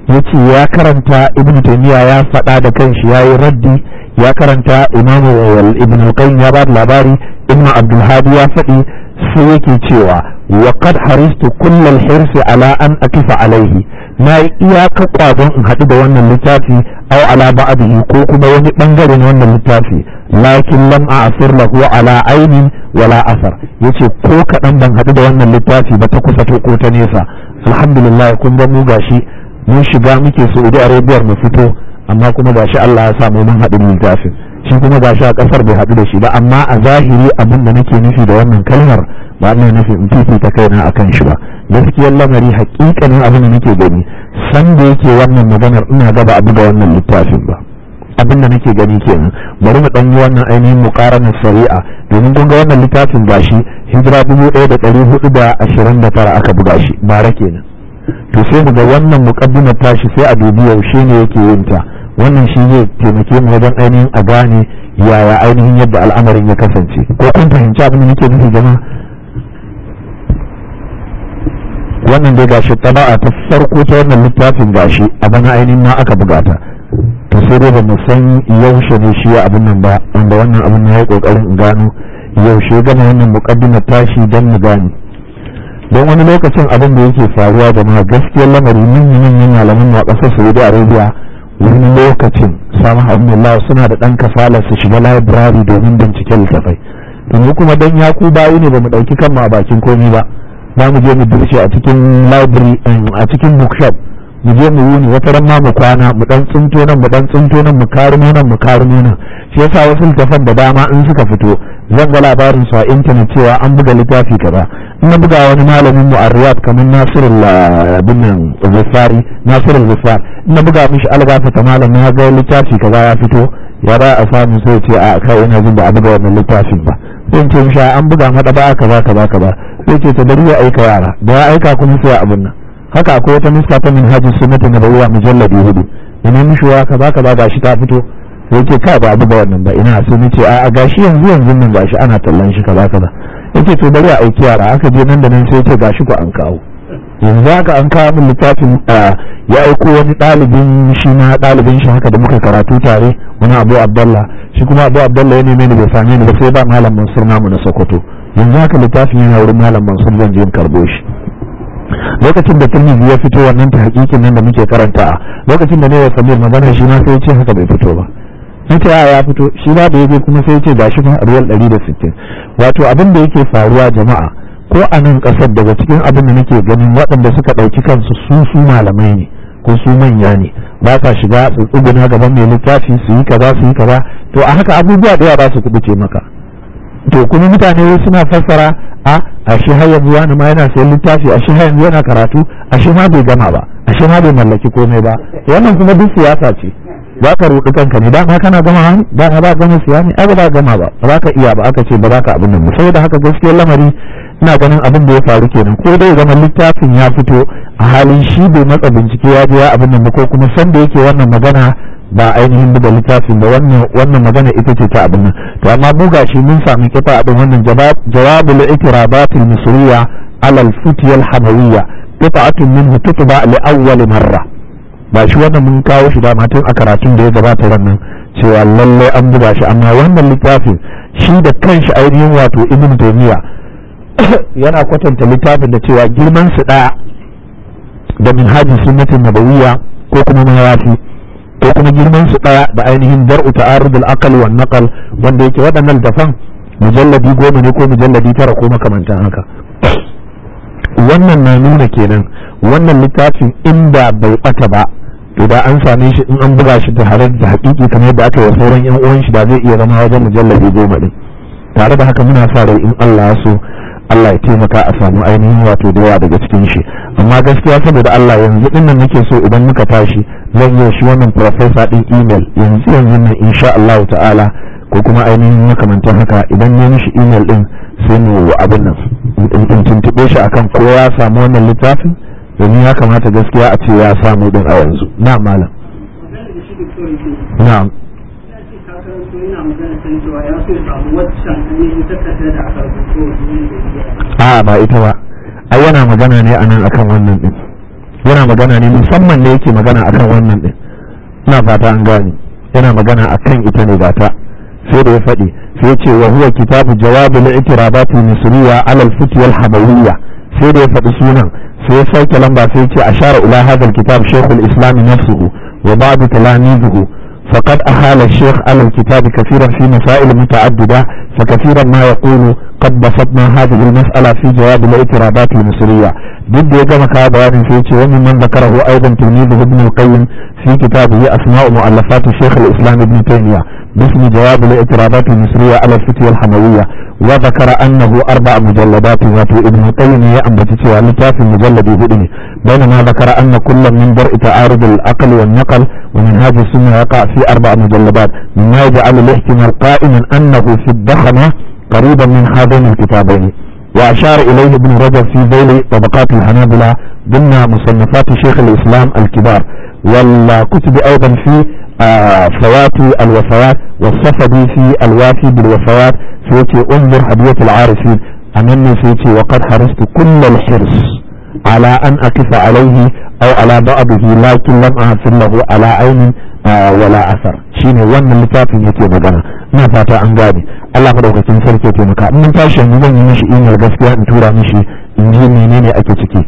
ya ce ya karanta ibn taymiya ya faɗa da kanshi yi raddi ya karanta wal ibn al ya ba da labari ibn abdulhadi ya faɗi sai yake cewa wa qad haristu kullal hirsi ala an akifa alaihi na yi iyaka kwazon in haɗu da wannan littafi au ala ba'dihi ko kuma wani bangare na wannan littafi lakin lam a'sir lahu ala ainin wala asar yace ko kaɗan ban haɗu da wannan littafi ba ta kusa ko ta nesa alhamdulillah kun ga mu gashi mun shiga muke Saudi Arabia mu fito amma kuma gashi Allah ya sa mu mun haɗin littafin shi kuma shi a kasar bai haɗu da shi ba amma a zahiri abin da nake nufi da wannan kalmar ba ina nufi in ta fifita kaina akan shi ba gaskiyar lamari hakikanin abin da nake gani san da yake wannan maganar ina gaba abu da wannan littafin ba abin da nake gani kenan bari mu ɗanyi wannan ainihin muƙaranar shari'a domin kun ga wannan littafin ba shi hijira dubu ɗaya da ɗari hudu da ashirin da tara aka buga shi bara kenan to sai mu ga wannan muƙaddimar tashi sai a dubi yaushe ne yake yin ta wannan shi zai taimake mu wajen ainihin a gane yaya ainihin yadda al'amarin ya kasance ko kun fahimci abin da nake nufi jama wannan dai gashi taba'a ta farko ta wannan littafin gashi a bana ainihin ma aka bugata to sai dai ba mu san yaushe ne shi abin nan ba wanda wannan abin na ya kokarin gano yaushe gama wannan muqaddimar tashi dan mu gane don wani lokacin abin da yake faruwa jama'a gaskiyar lamari manyan manyan malaman na kasar Saudi Arabia wani lokacin samun abdullahi suna da ɗan kasala su shiga library domin bincike littafai domin kuma dan ya ku bayi ne ba mu ɗauki kan ma bakin komi ba za mu je mu dirce a cikin library um, a cikin bookshop mu je mu wuni wata ran ma mu kwana mu dan tsinto nan mu dan tsinto nan mu karumo nan mu karumo nan shi yasa wasu littafan da dama in suka fito zan ga labarin su a intanet cewa an buga littafi kaza na buga wani malamin mu a riyad kamar nasirul binnan zufari nasirul zufar na buga mishi algafa ta malam na ga littafi kaza ya fito ya ba a samu sai ce a kai ina jin ba a buga wannan littafin ba sai ce mishi an buga mada ba kaza kaza kaza sai ce ta bari ya aika yara da ya aika kuma sai abin nan haka akwai wata nuska ta min minhajus sunnati nabawiyya mujalladi hudu ina mishi wa kaza kaza shi ta fito sai ce kai ba a buga wannan ba ina sai ce a gashi yanzu yanzu nan gashi ana tallan shi kaza kaza yake to bari a aiki yara aka je nan da nan sai ce gashi ku an kawo yanzu haka an kawo min littafin ya aiko wani ɗalibin shi na ɗalibin shi haka da muka karatu tare wani abu abdallah shi kuma abu abdallah ya neme ni bai same ni ba sai ba malam mansur namu na sokoto yanzu haka littafin yana wurin malam mansur zan je karbo shi lokacin da turmi ya fito wannan ta hakikin nan da muke karanta lokacin da ne wa samir magana shi na sai ce haka bai fito ba na ya fito shi ba da je kuma sai ce gashi kan ruwan sittin wato abin da yake faruwa jama'a ko a nan kasar daga cikin abin da nake ganin waɗanda suka ɗauki kansu su su malamai ne ko su manya ne ba sa shiga tsuguna gaban mai littafi su yi kaza su yi kaza to a haka abubuwa da yawa su kubuce maka to kuma mutane suna fassara a shi har yanzu wani ma yana sayan littafi shi har yanzu yana karatu shi ma bai gama ba shi ma bai mallaki komai ba wannan kuma duk siyasa ce za ka rudu kanka ne dama kana gama wani dama ba gama siya ne ai ba za gama ba ba ka iya ba aka ce ba za ka abin nan saboda haka gaskiyar lamari ina ganin abin da ya faru kenan ko dai zama littafin ya fito a halin shi bai matsa bincike ya biya ya abin nan ba ko kuma san da yake wannan magana ba ainihin buga littafin ba wannan wannan magana ita ce ta abin nan to amma buga shi mun sami kifa abin wannan jawabul itirabatil misriya alal futiyal hamawiyya qita'atun minhu tutba li awwal marra ba shi wannan mun kawo shi dama tun a karatun da ya gabata rannan cewa lalle an buga shi amma wannan littafin shi da kanshi ainihin wato ibn taymiya yana kwatanta littafin da cewa girman su daya da minhajin sunnatin nabawiyya ko kuma mawafi ko kuma girman su daya da ainihin dar'u ta'arud al-aqal wa naqal wanda yake waɗannan dafan mujalladi goma ne ko mujalladi tara ko makamantan haka wannan na nuna kenan wannan littafin inda bai bata ba idan an same shi in an buga shi da harar da haƙiƙi kamar yadda aka yi sauran yan uwan shi da zai iya zama wajen mujallabi goma ɗin tare da haka muna sa rai in Allah ya so Allah ya taimaka a samu ainihin wato da yawa daga cikin shi amma gaskiya saboda Allah yanzu din nan nake so idan muka tashi zan yi shi wannan professor din email yanzu yanzu nan insha Allah ta'ala ko kuma ainihin makamantan haka idan ne mishi email din sai mu abin nan in tuntuɓe shi akan ko ya samu wannan littafin domin ya kamata gaskiya a ce ya samu din a yanzu na malam na a ba ita ba ai yana magana ne a nan akan wannan din yana magana ne musamman ne yake magana akan wannan din na fata an gane yana magana akan ita ne ba ta sai da ya faɗi sai ce wa huwa kitabu jawabul itirabatul musuliya alal fitiyar habawiyya sai da ya faɗi sunan sai ya sauke lamba sai ce a share ila hadal kitab shekul islam nafsuhu wa ba'du talamizuhu faqad ahala shaykh ala kitab kafiran fi masail muta'addida fa kafiran ma yaqulu قد بسطنا هذه المسألة في جواب الاعتراضات المصرية ضد يجمع بيان في وممن ذكره أيضا تلميذه ابن القيم في كتابه أسماء مؤلفات الشيخ الإسلام ابن تيمية باسم جواب الاعتراضات المصرية على الفتية الحموية وذكر أنه أربع مجلدات وفي ابن القيم هي انبتتها ولتاف المجلد هدني بينما ذكر أن كل من درء تعارض العقل والنقل ومن هذه السنة يقع في أربع مجلدات مما يجعل الاحتمال قائما أنه في الضخمة قريبا من هذين الكتابين وأشار إليه ابن رجب في ذيل طبقات الحنابلة ضمن مصنفات شيخ الإسلام الكبار والكتب أيضا في فوات الوفوات والصفدي في الوافي بالوفوات سيتي انظر هدية العارفين أمني سيتي وقد حرصت كل الحرص على أن أقف عليه أو على بعضه لكن لم أعثر له على عين ولا أثر شيني وانا اللي تافي يتي مجانا ina fata an gane Allah madaukakin sarki ya taimaka in mun tashi yanzu zan yi mishi email gaskiya in tura mishi in ji menene ake ciki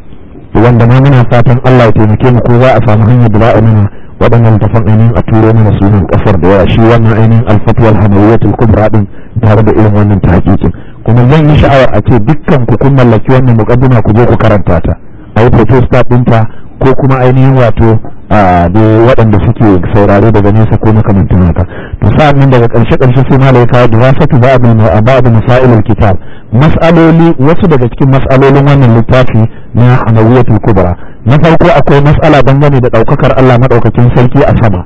wanda ma muna fatan Allah ya taimake mu ko za a samu hanyar da za a mana waɗannan tafan ainihin a turo mana sunan kafar da yawa shi wannan ainihin alfatuwar hamawiyatul kubra din tare da irin wannan tahqiqin kuma zan yi sha'awar a ce dukkan ku kun mallaki wannan muqaddima ku je ku karanta ta a yi photostat ɗinta ko kuma ainihin wato a da waɗanda suke saurare daga nesa ko makamantan haka to sa'an daga ƙarshe ƙarshe sai malai kawo dirasatu ba ba'd masailul kitab mas'aloli wasu daga cikin mas'alolin wannan littafi na hanawiyatul kubra na farko akwai mas'ala dangane da ɗaukakar Allah madaukakin sarki a sama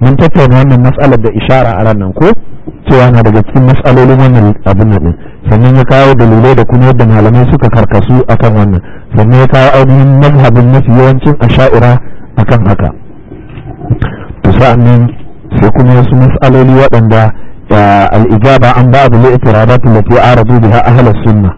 mun tattauna wannan mas'alar da ishara a ran nan ko cewa na daga cikin matsalolin wannan abin nan sannan ya kawo dalilai da kuma yadda malamai suka karkasu akan wannan sannan ya kawo ainihin mazhabin mafi yawancin asha'ira akan haka to sa'annan sai kuma wasu matsaloli waɗanda eh, al'ijaba an ba abu da li'itirabat lati aradu a ahalar sunna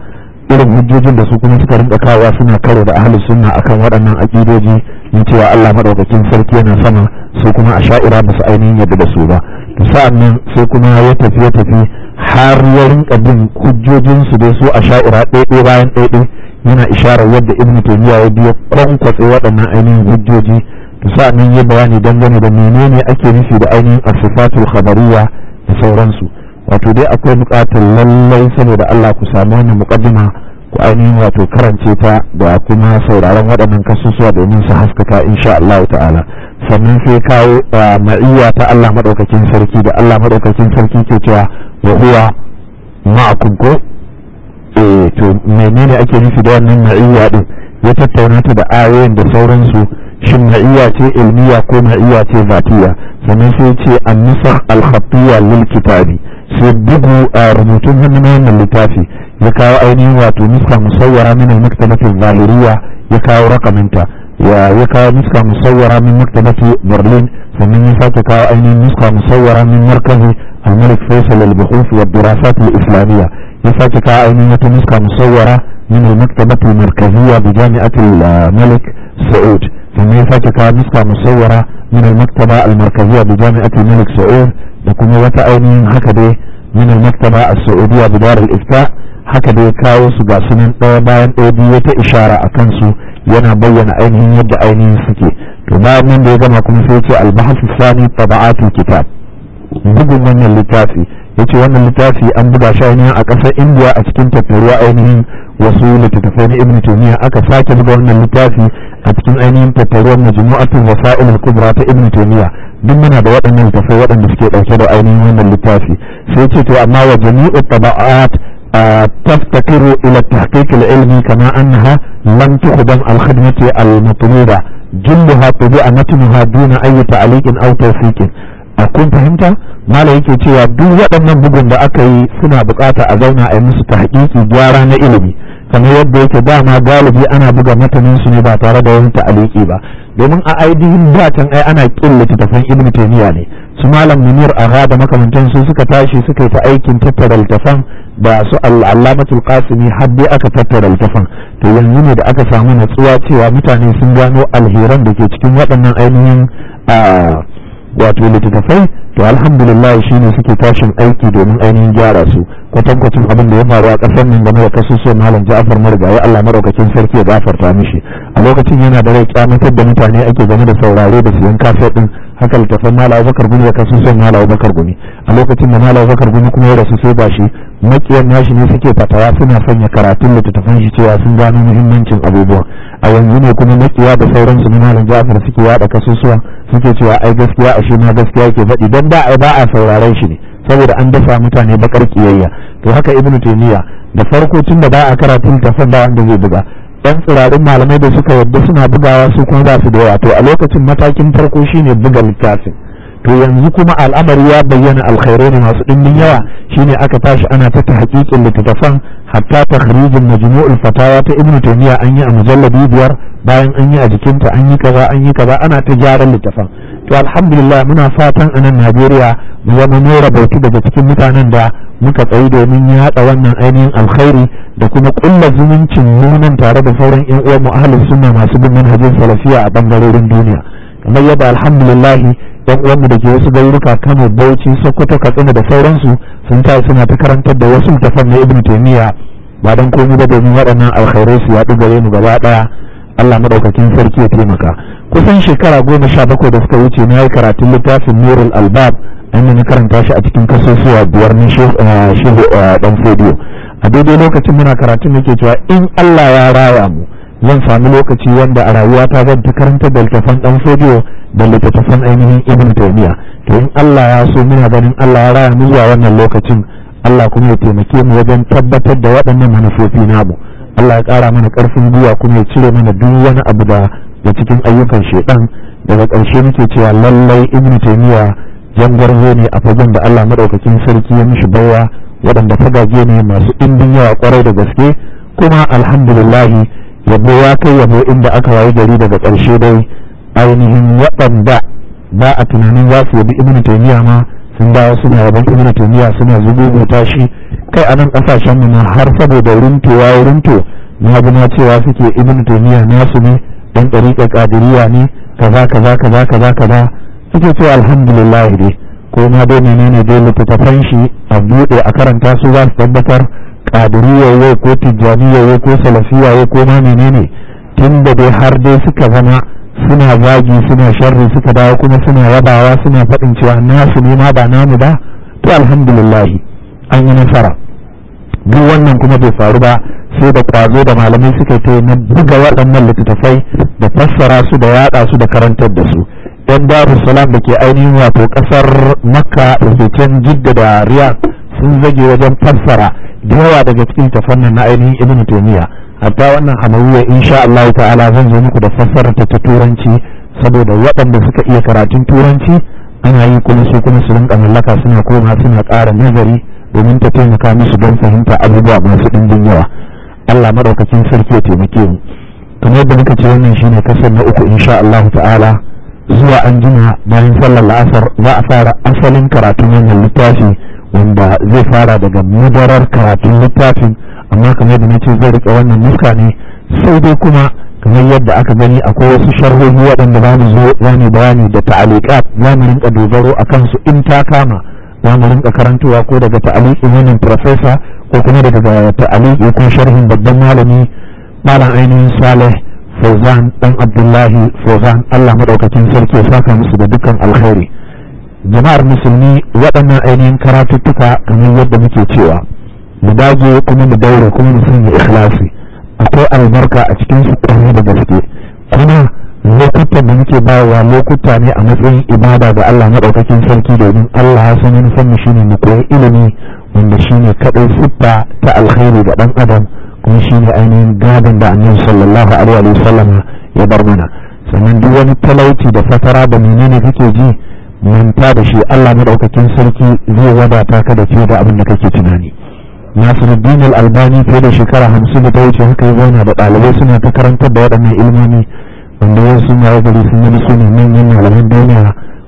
irin hujjojin da su kuma suka rinka kawa suna karo da ahlus sunna akan waɗannan aqidoji na cewa Allah madaukakin sarki yana sama su kuma a sha'ira ba su ainihin yadda da su ba to sa'annan su kuma ya tafi ya tafi har ya rinka bin hujjojin su su a sha'ira ɗaiɗai bayan ɗaiɗai yana isharar yadda ibnu taymiya ya biya kwankwatse waɗannan ainihin hujjoji to sa'annan ya bayani dangane da menene ake nufi da ainihin asifatul khabariya da sauransu wato dai akwai bukatar lallai saboda Allah ku samu wannan muqaddima ku ainihin wato karance ta da kuma sauraron waɗannan kasusuwa domin su haskaka insha Allah ta'ala sannan sai kawo ma'iyya ta Allah maɗaukakin sarki da Allah maɗaukakin sarki ke cewa wa huwa ma'akum ko eh to menene ake nufi da wannan ma'iyya din ya tattauna ta da ayoyin da sauransu shin ma'iyya ce ilmiya ko ma'iyya ce zatiya sannan sai ce an nusa al-khattiyya lil kitabi سببوا أرموتهم من اللي تافي يكاو أيني واتو نسخة مصورة من المكتبة الظاهرية يكاو رقم انت ويكاو نسخة مصورة من مكتبة برلين فمن نفات يكاو أيني نسخة مصورة من مركز الملك فيصل للبحوث والدراسات الإسلامية يفات يكاو أيني نسخة مصورة من المكتبة المركزية بجامعة الملك سعود فمن يفاتك نسخة مصورة من المكتبة المركزية بجامعة الملك سعود da kuma wata ainihin haka dai min al-maktaba as-saudiya bidar al-ifta haka dai kawo su ga sunan ɗaya bayan ɗaya biyu wata ishara a kansu yana bayyana ainihin yadda ainihin suke to bayan nan da ya gama kuma sai ce al-bahasu sani tabaatul kitab bugun wannan littafi yace wannan littafi an buga shi a ƙasar indiya a cikin tattaruwa ainihin wasu littattafai na ibn taymiya aka sake buga wannan littafi a cikin ainihin tattaruwar majmu'atul wasa'il al-kubra ta ibn taymiya duk muna da waɗannan littattafai waɗanda suke ɗauke da ainihin wannan littafi sai ce to amma wa jami'u taba'at تفتكر إلى التحقيق العلمي كما أنها لم تخدم الخدمة المطلوبة جلها طبيعة متنها دون أي تعليق أو توفيق a kun fahimta mala yake cewa duk waɗannan bugun da aka yi suna bukata a zauna a yi musu tahqiqi gyara na ilimi kamar yadda yake dama galibi ana buga matanin su ne ba tare da wani ta'aliki ba domin a ainihin da can ai ana kin tafan ibnu taymiya ne su malam munir arha da makamantan su suka tashi suka yi ta aikin tattara littafan da su al'allamatul qasimi har dai aka tattara littafan to yanzu ne da aka samu natsuwa cewa mutane sun gano alheran da ke cikin waɗannan ainihin ah, wato littattafai to alhamdulillah shi ne suke tashin aiki domin ainihin gyara su kwatankwacin abin da ya faru a ƙasar nan game da kasusuwan malam ja'afar marigayi allah maɗaukakin sarki ya gafarta mishi a lokacin yana da rai kyamatar da mutane ake game da saurare da siyan kaset ɗin haka littafin mala abubakar gumi da kasusun mala abubakar gumi a lokacin da mala abubakar gumi kuma ya rasu sai ba shi makiyar nashi ne suke fatawa suna sanya karatun littattafan shi cewa sun gano muhimmancin abubuwa a yanzu ne kuma makiya da sauransu na malam jafar suke yada kasusuwa suke cewa ai gaskiya ashe ma gaskiya ke faɗi don da ba a sauraron shi ne saboda an dafa mutane bakar kiyayya to haka ibnu taymiya da farko tun da ba a karatun littattafan ba wanda zai buga yan tsirarun malamai da suka yadda suna bugawa su kuma ba su da yawa to a lokacin matakin farko shine buga littafin to yanzu kuma al'amari ya bayyana alkhairai ne masu dimbin yawa shine aka tashi ana ta tahqiqin littafan hatta takhrijin majmu'ul fatawa ta ibnu taymiya an yi a mujalladi biyar bayan an yi a jikinta an yi kaza an yi kaza ana ta gyaran littafan to alhamdulillah muna fatan anan Najeriya mu zama mu daga cikin mutanen da muka tsayi domin yaɗa wannan ainihin alkhairi da kuma ƙulla zumuncin nunan tare da sauran yan uwan mu sunna masu bin manhajin salafiya a bangarorin duniya kamar yadda alhamdulillah yan uwan mu da ke wasu garuruka Kano Bauchi Sokoto Katsina da sauransu sun ta suna ta karantar da wasu tafan na Ibn Taymiyyah ba dan komai ba domin waɗannan alkhairai su yaɗu gare mu gaba ɗaya Allah madaukakin sarki ya taimaka kusan shekara goma sha bakwai da suka wuce na yi karatun littafin Nurul Albab inda na karanta shi a cikin kasusuwa biyar ni shi eh, eh, dan fodiyo a daidai lokacin muna karatun nake cewa in Allah ya raya mu zan sami lokaci wanda a rayuwata zan ta karanta da littafan dan fodiyo da littattafan ainihin ibn taymiya to in Allah ya so muna ganin Allah ya raya mu zuwa wannan lokacin Allah kuma ya taimake mu wajen tabbatar da waɗannan manufofi namu Allah ya ƙara mana ƙarfin gwiwa kuma ya cire mana duk wani abu da da cikin ayyukan shedan daga ƙarshe muke cewa lallai ibn taymiya jangwarzo ne a fagen da Allah madaukakin sarki ya mishi baiwa waɗanda fagage ne masu ɗimbin yawa kwarai da gaske kuma alhamdulillahi yabo ya kai yabo inda aka wayi gari daga ƙarshe dai ainihin waɗanda ba a tunanin za su yabi ibnu taymiya ma sun dawo suna yabon ibnu taymiya suna zububuta shi kai anan nan ƙasashen mu har saboda ya runto na gina cewa suke ibnu taymiya nasu ne dan ɗariƙar ƙadiriya ne kaza kaza kaza kaza kaza suke cewa alhamdulillah dai ko ma dai menene dai littattafan shi a buɗe a karanta su za su tabbatar kadiriya yau ko tijjaniya yau ko salafiya yau ko ma menene tun da dai har dai suka zama suna zagi suna sharri suka dawo kuma suna yabawa suna faɗin cewa nasu ne ma ba namu ba to alhamdulillah an yi nasara duk wannan kuma bai faru ba sai da kwazo da malamai suka ta na buga waɗannan littattafai da fassara su da yaɗa su da karantar da su yan darus salam da ke ainihin wato kasar makka da ke can jidda da riya sun zage wajen fassara da yawa daga cikin tafannin na ainihin ibn taymiya hatta wannan hamawiya insha Allah ta'ala zan zo muku da fassara ta ta turanci saboda waɗanda suka iya karatun turanci ana yi kuma su kuma su rinka mallaka suna koma suna ƙara nazari domin ta taimaka musu don fahimta abubuwa masu ɗimbin yawa Allah madaukakin sarki ya taimake mu kamar yadda muka ce wannan shine kasar na uku insha Allah ta'ala zuwa an jima bayan sallar la'asar za a fara asalin karatun wannan littafi wanda zai fara daga madarar karatun littafin amma kamar da ce zai rika wannan nuska ne sai dai kuma kamar yadda aka gani akwai wasu sharhohi waɗanda za mu zo za mu bayani da ta'aliqat za mu rinka dogaro a kansu in ta kama za mu rinka karantowa ko daga ta'aliqin wannan professor ko kuma daga ta'aliqi ko sharhin babban malami malam ainihin saleh fauzan dan abdullahi fauzan allah madaukakin sarki ya saka musu da dukkan alkhairi jama'ar musulmi waɗannan ainihin karatuttuka kamar yadda muke cewa mu dage kuma mu daure kuma mu sanya ikhlasi akwai albarka a cikin su kwarai da gaske kuma lokutan da muke bayarwa lokuta ne a matsayin ibada ga Allah madaukakin sarki domin Allah ya san yin san mu shine mu koyi ilimi wanda shine kadai siffa ta alkhairi ga dan adam kuma shi ne ainihin gadon da annabi sallallahu alaihi wa sallam ya bar mana sannan duk wani talauci da fatara da menene kake ji manta da shi Allah madaukakin sarki zai wadata ka da fiye da abin da kake tunani Nasiruddin Al-Albani fiye da shekara hamsin da ta wuce haka ya zauna da ɗalibai suna ta karantar da waɗannan ilmomi wanda yau sun yawo gari sun yi su ne manyan malaman duniya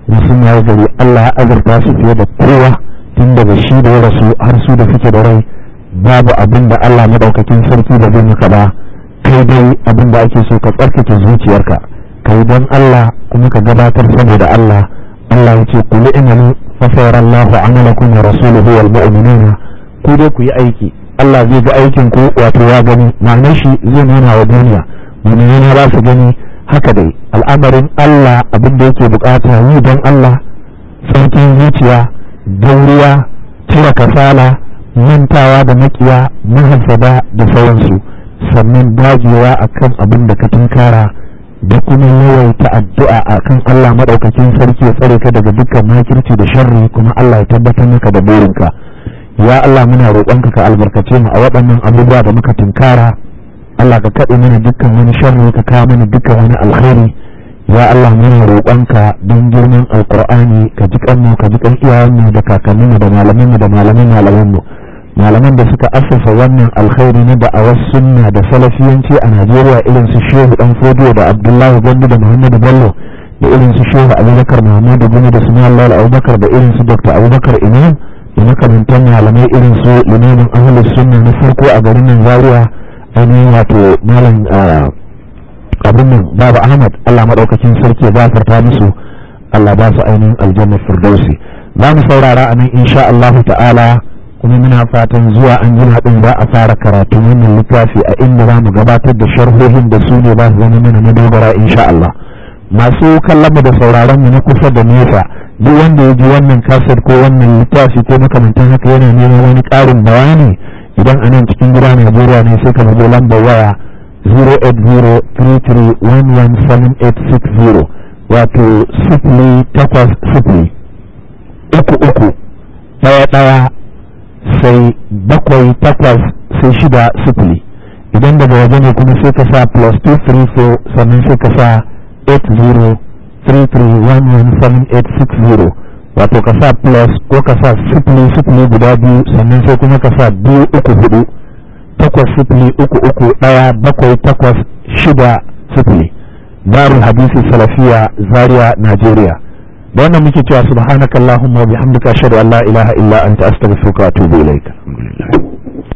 da sun yawo gari Allah ya azurta su fiye da kowa tun daga shi da ya rasu har su da suke da rai babu abin da Allah maɗaukakin sarki da zai maka ba kai dai abin da ake so ka tsarkake zuciyarka kai don Allah kuma ka gabatar saboda Allah Allah ya ce kuli Allah fa amala amalakum wa rasuluhu wal mu'minina ku dai ku yi aiki Allah zai ga aikin ku wato ya gani ma'anar shi zai nuna wa duniya mu'minina ba su gani haka dai al'amarin Allah abin da yake bukata yi don Allah sarkin zuciya dauriya cire kasala mantawa da makiya mahasada da sauransu sannan a kan abin da ka tunkara da kuma yawaita addu'a kan Allah maɗaukacin sarki ya tsare ka daga dukkan makirci da sharri kuma Allah ya tabbatar maka da burinka ya Allah muna roƙonka ka albarkace mu a waɗannan abubuwa da muka tunkara Allah ka kaɗe mana dukkan wani sharri ka kawo mana dukkan wani alkhairi ya Allah muna roƙonka don girman alƙur'ani ka ji kanmu ka ji kan iyayenmu da kakanninmu da malamanmu da malaman malamanmu malaman da suka assasa wannan alkhairi da da'awar sunna da salafiyanci a najeriya irin su shehu dan fodiyo da abdullahi gandu da muhammadu bello da irin su shehu abubakar muhammadu gini da suna lal abubakar da irin dr abubakar imam da makarantar malamai irin su limamin ahalus sunna na farko a garin nan zaria ainihin wato malam abin nan babu ahmad allah maɗaukakin sarki ya gafarta musu allah ba su ainihin aljannar firdausi za mu saurara a nan insha allahu ta'ala kuma muna fatan zuwa an jima din za a fara karatun wannan littafi a inda za mu gabatar da sharhohin da su ne ba su zama mana in insha Allah masu kallon mu da sauraron mu na kusa da nesa duk wanda ya ji wannan kaset ko wannan littafi ko makamantan haka yana neman wani ƙarin bayani idan a nan cikin gida Najeriya ne sai ka zo lambar waya 08033117860 wato sifili takwas sifili uku uku ɗaya ɗaya sai bakwai takwas sai shida sifili idan daga waje ne kuma sai ka sa plus 234 sannan sai ka sa 8033117860 wato ka sa plus ko ka sa sifili sifili guda biyu sannan sai kuma ka sa biyu uku hudu takwas sifili uku uku ɗaya bakwai takwas shida sifili darul hadisi salafiya zaria nigeria. da wannan muke cewa subhanakallahumma wa bihamdika ashhadu an la ilaha illa anta astaghfiruka wa atubu ilaik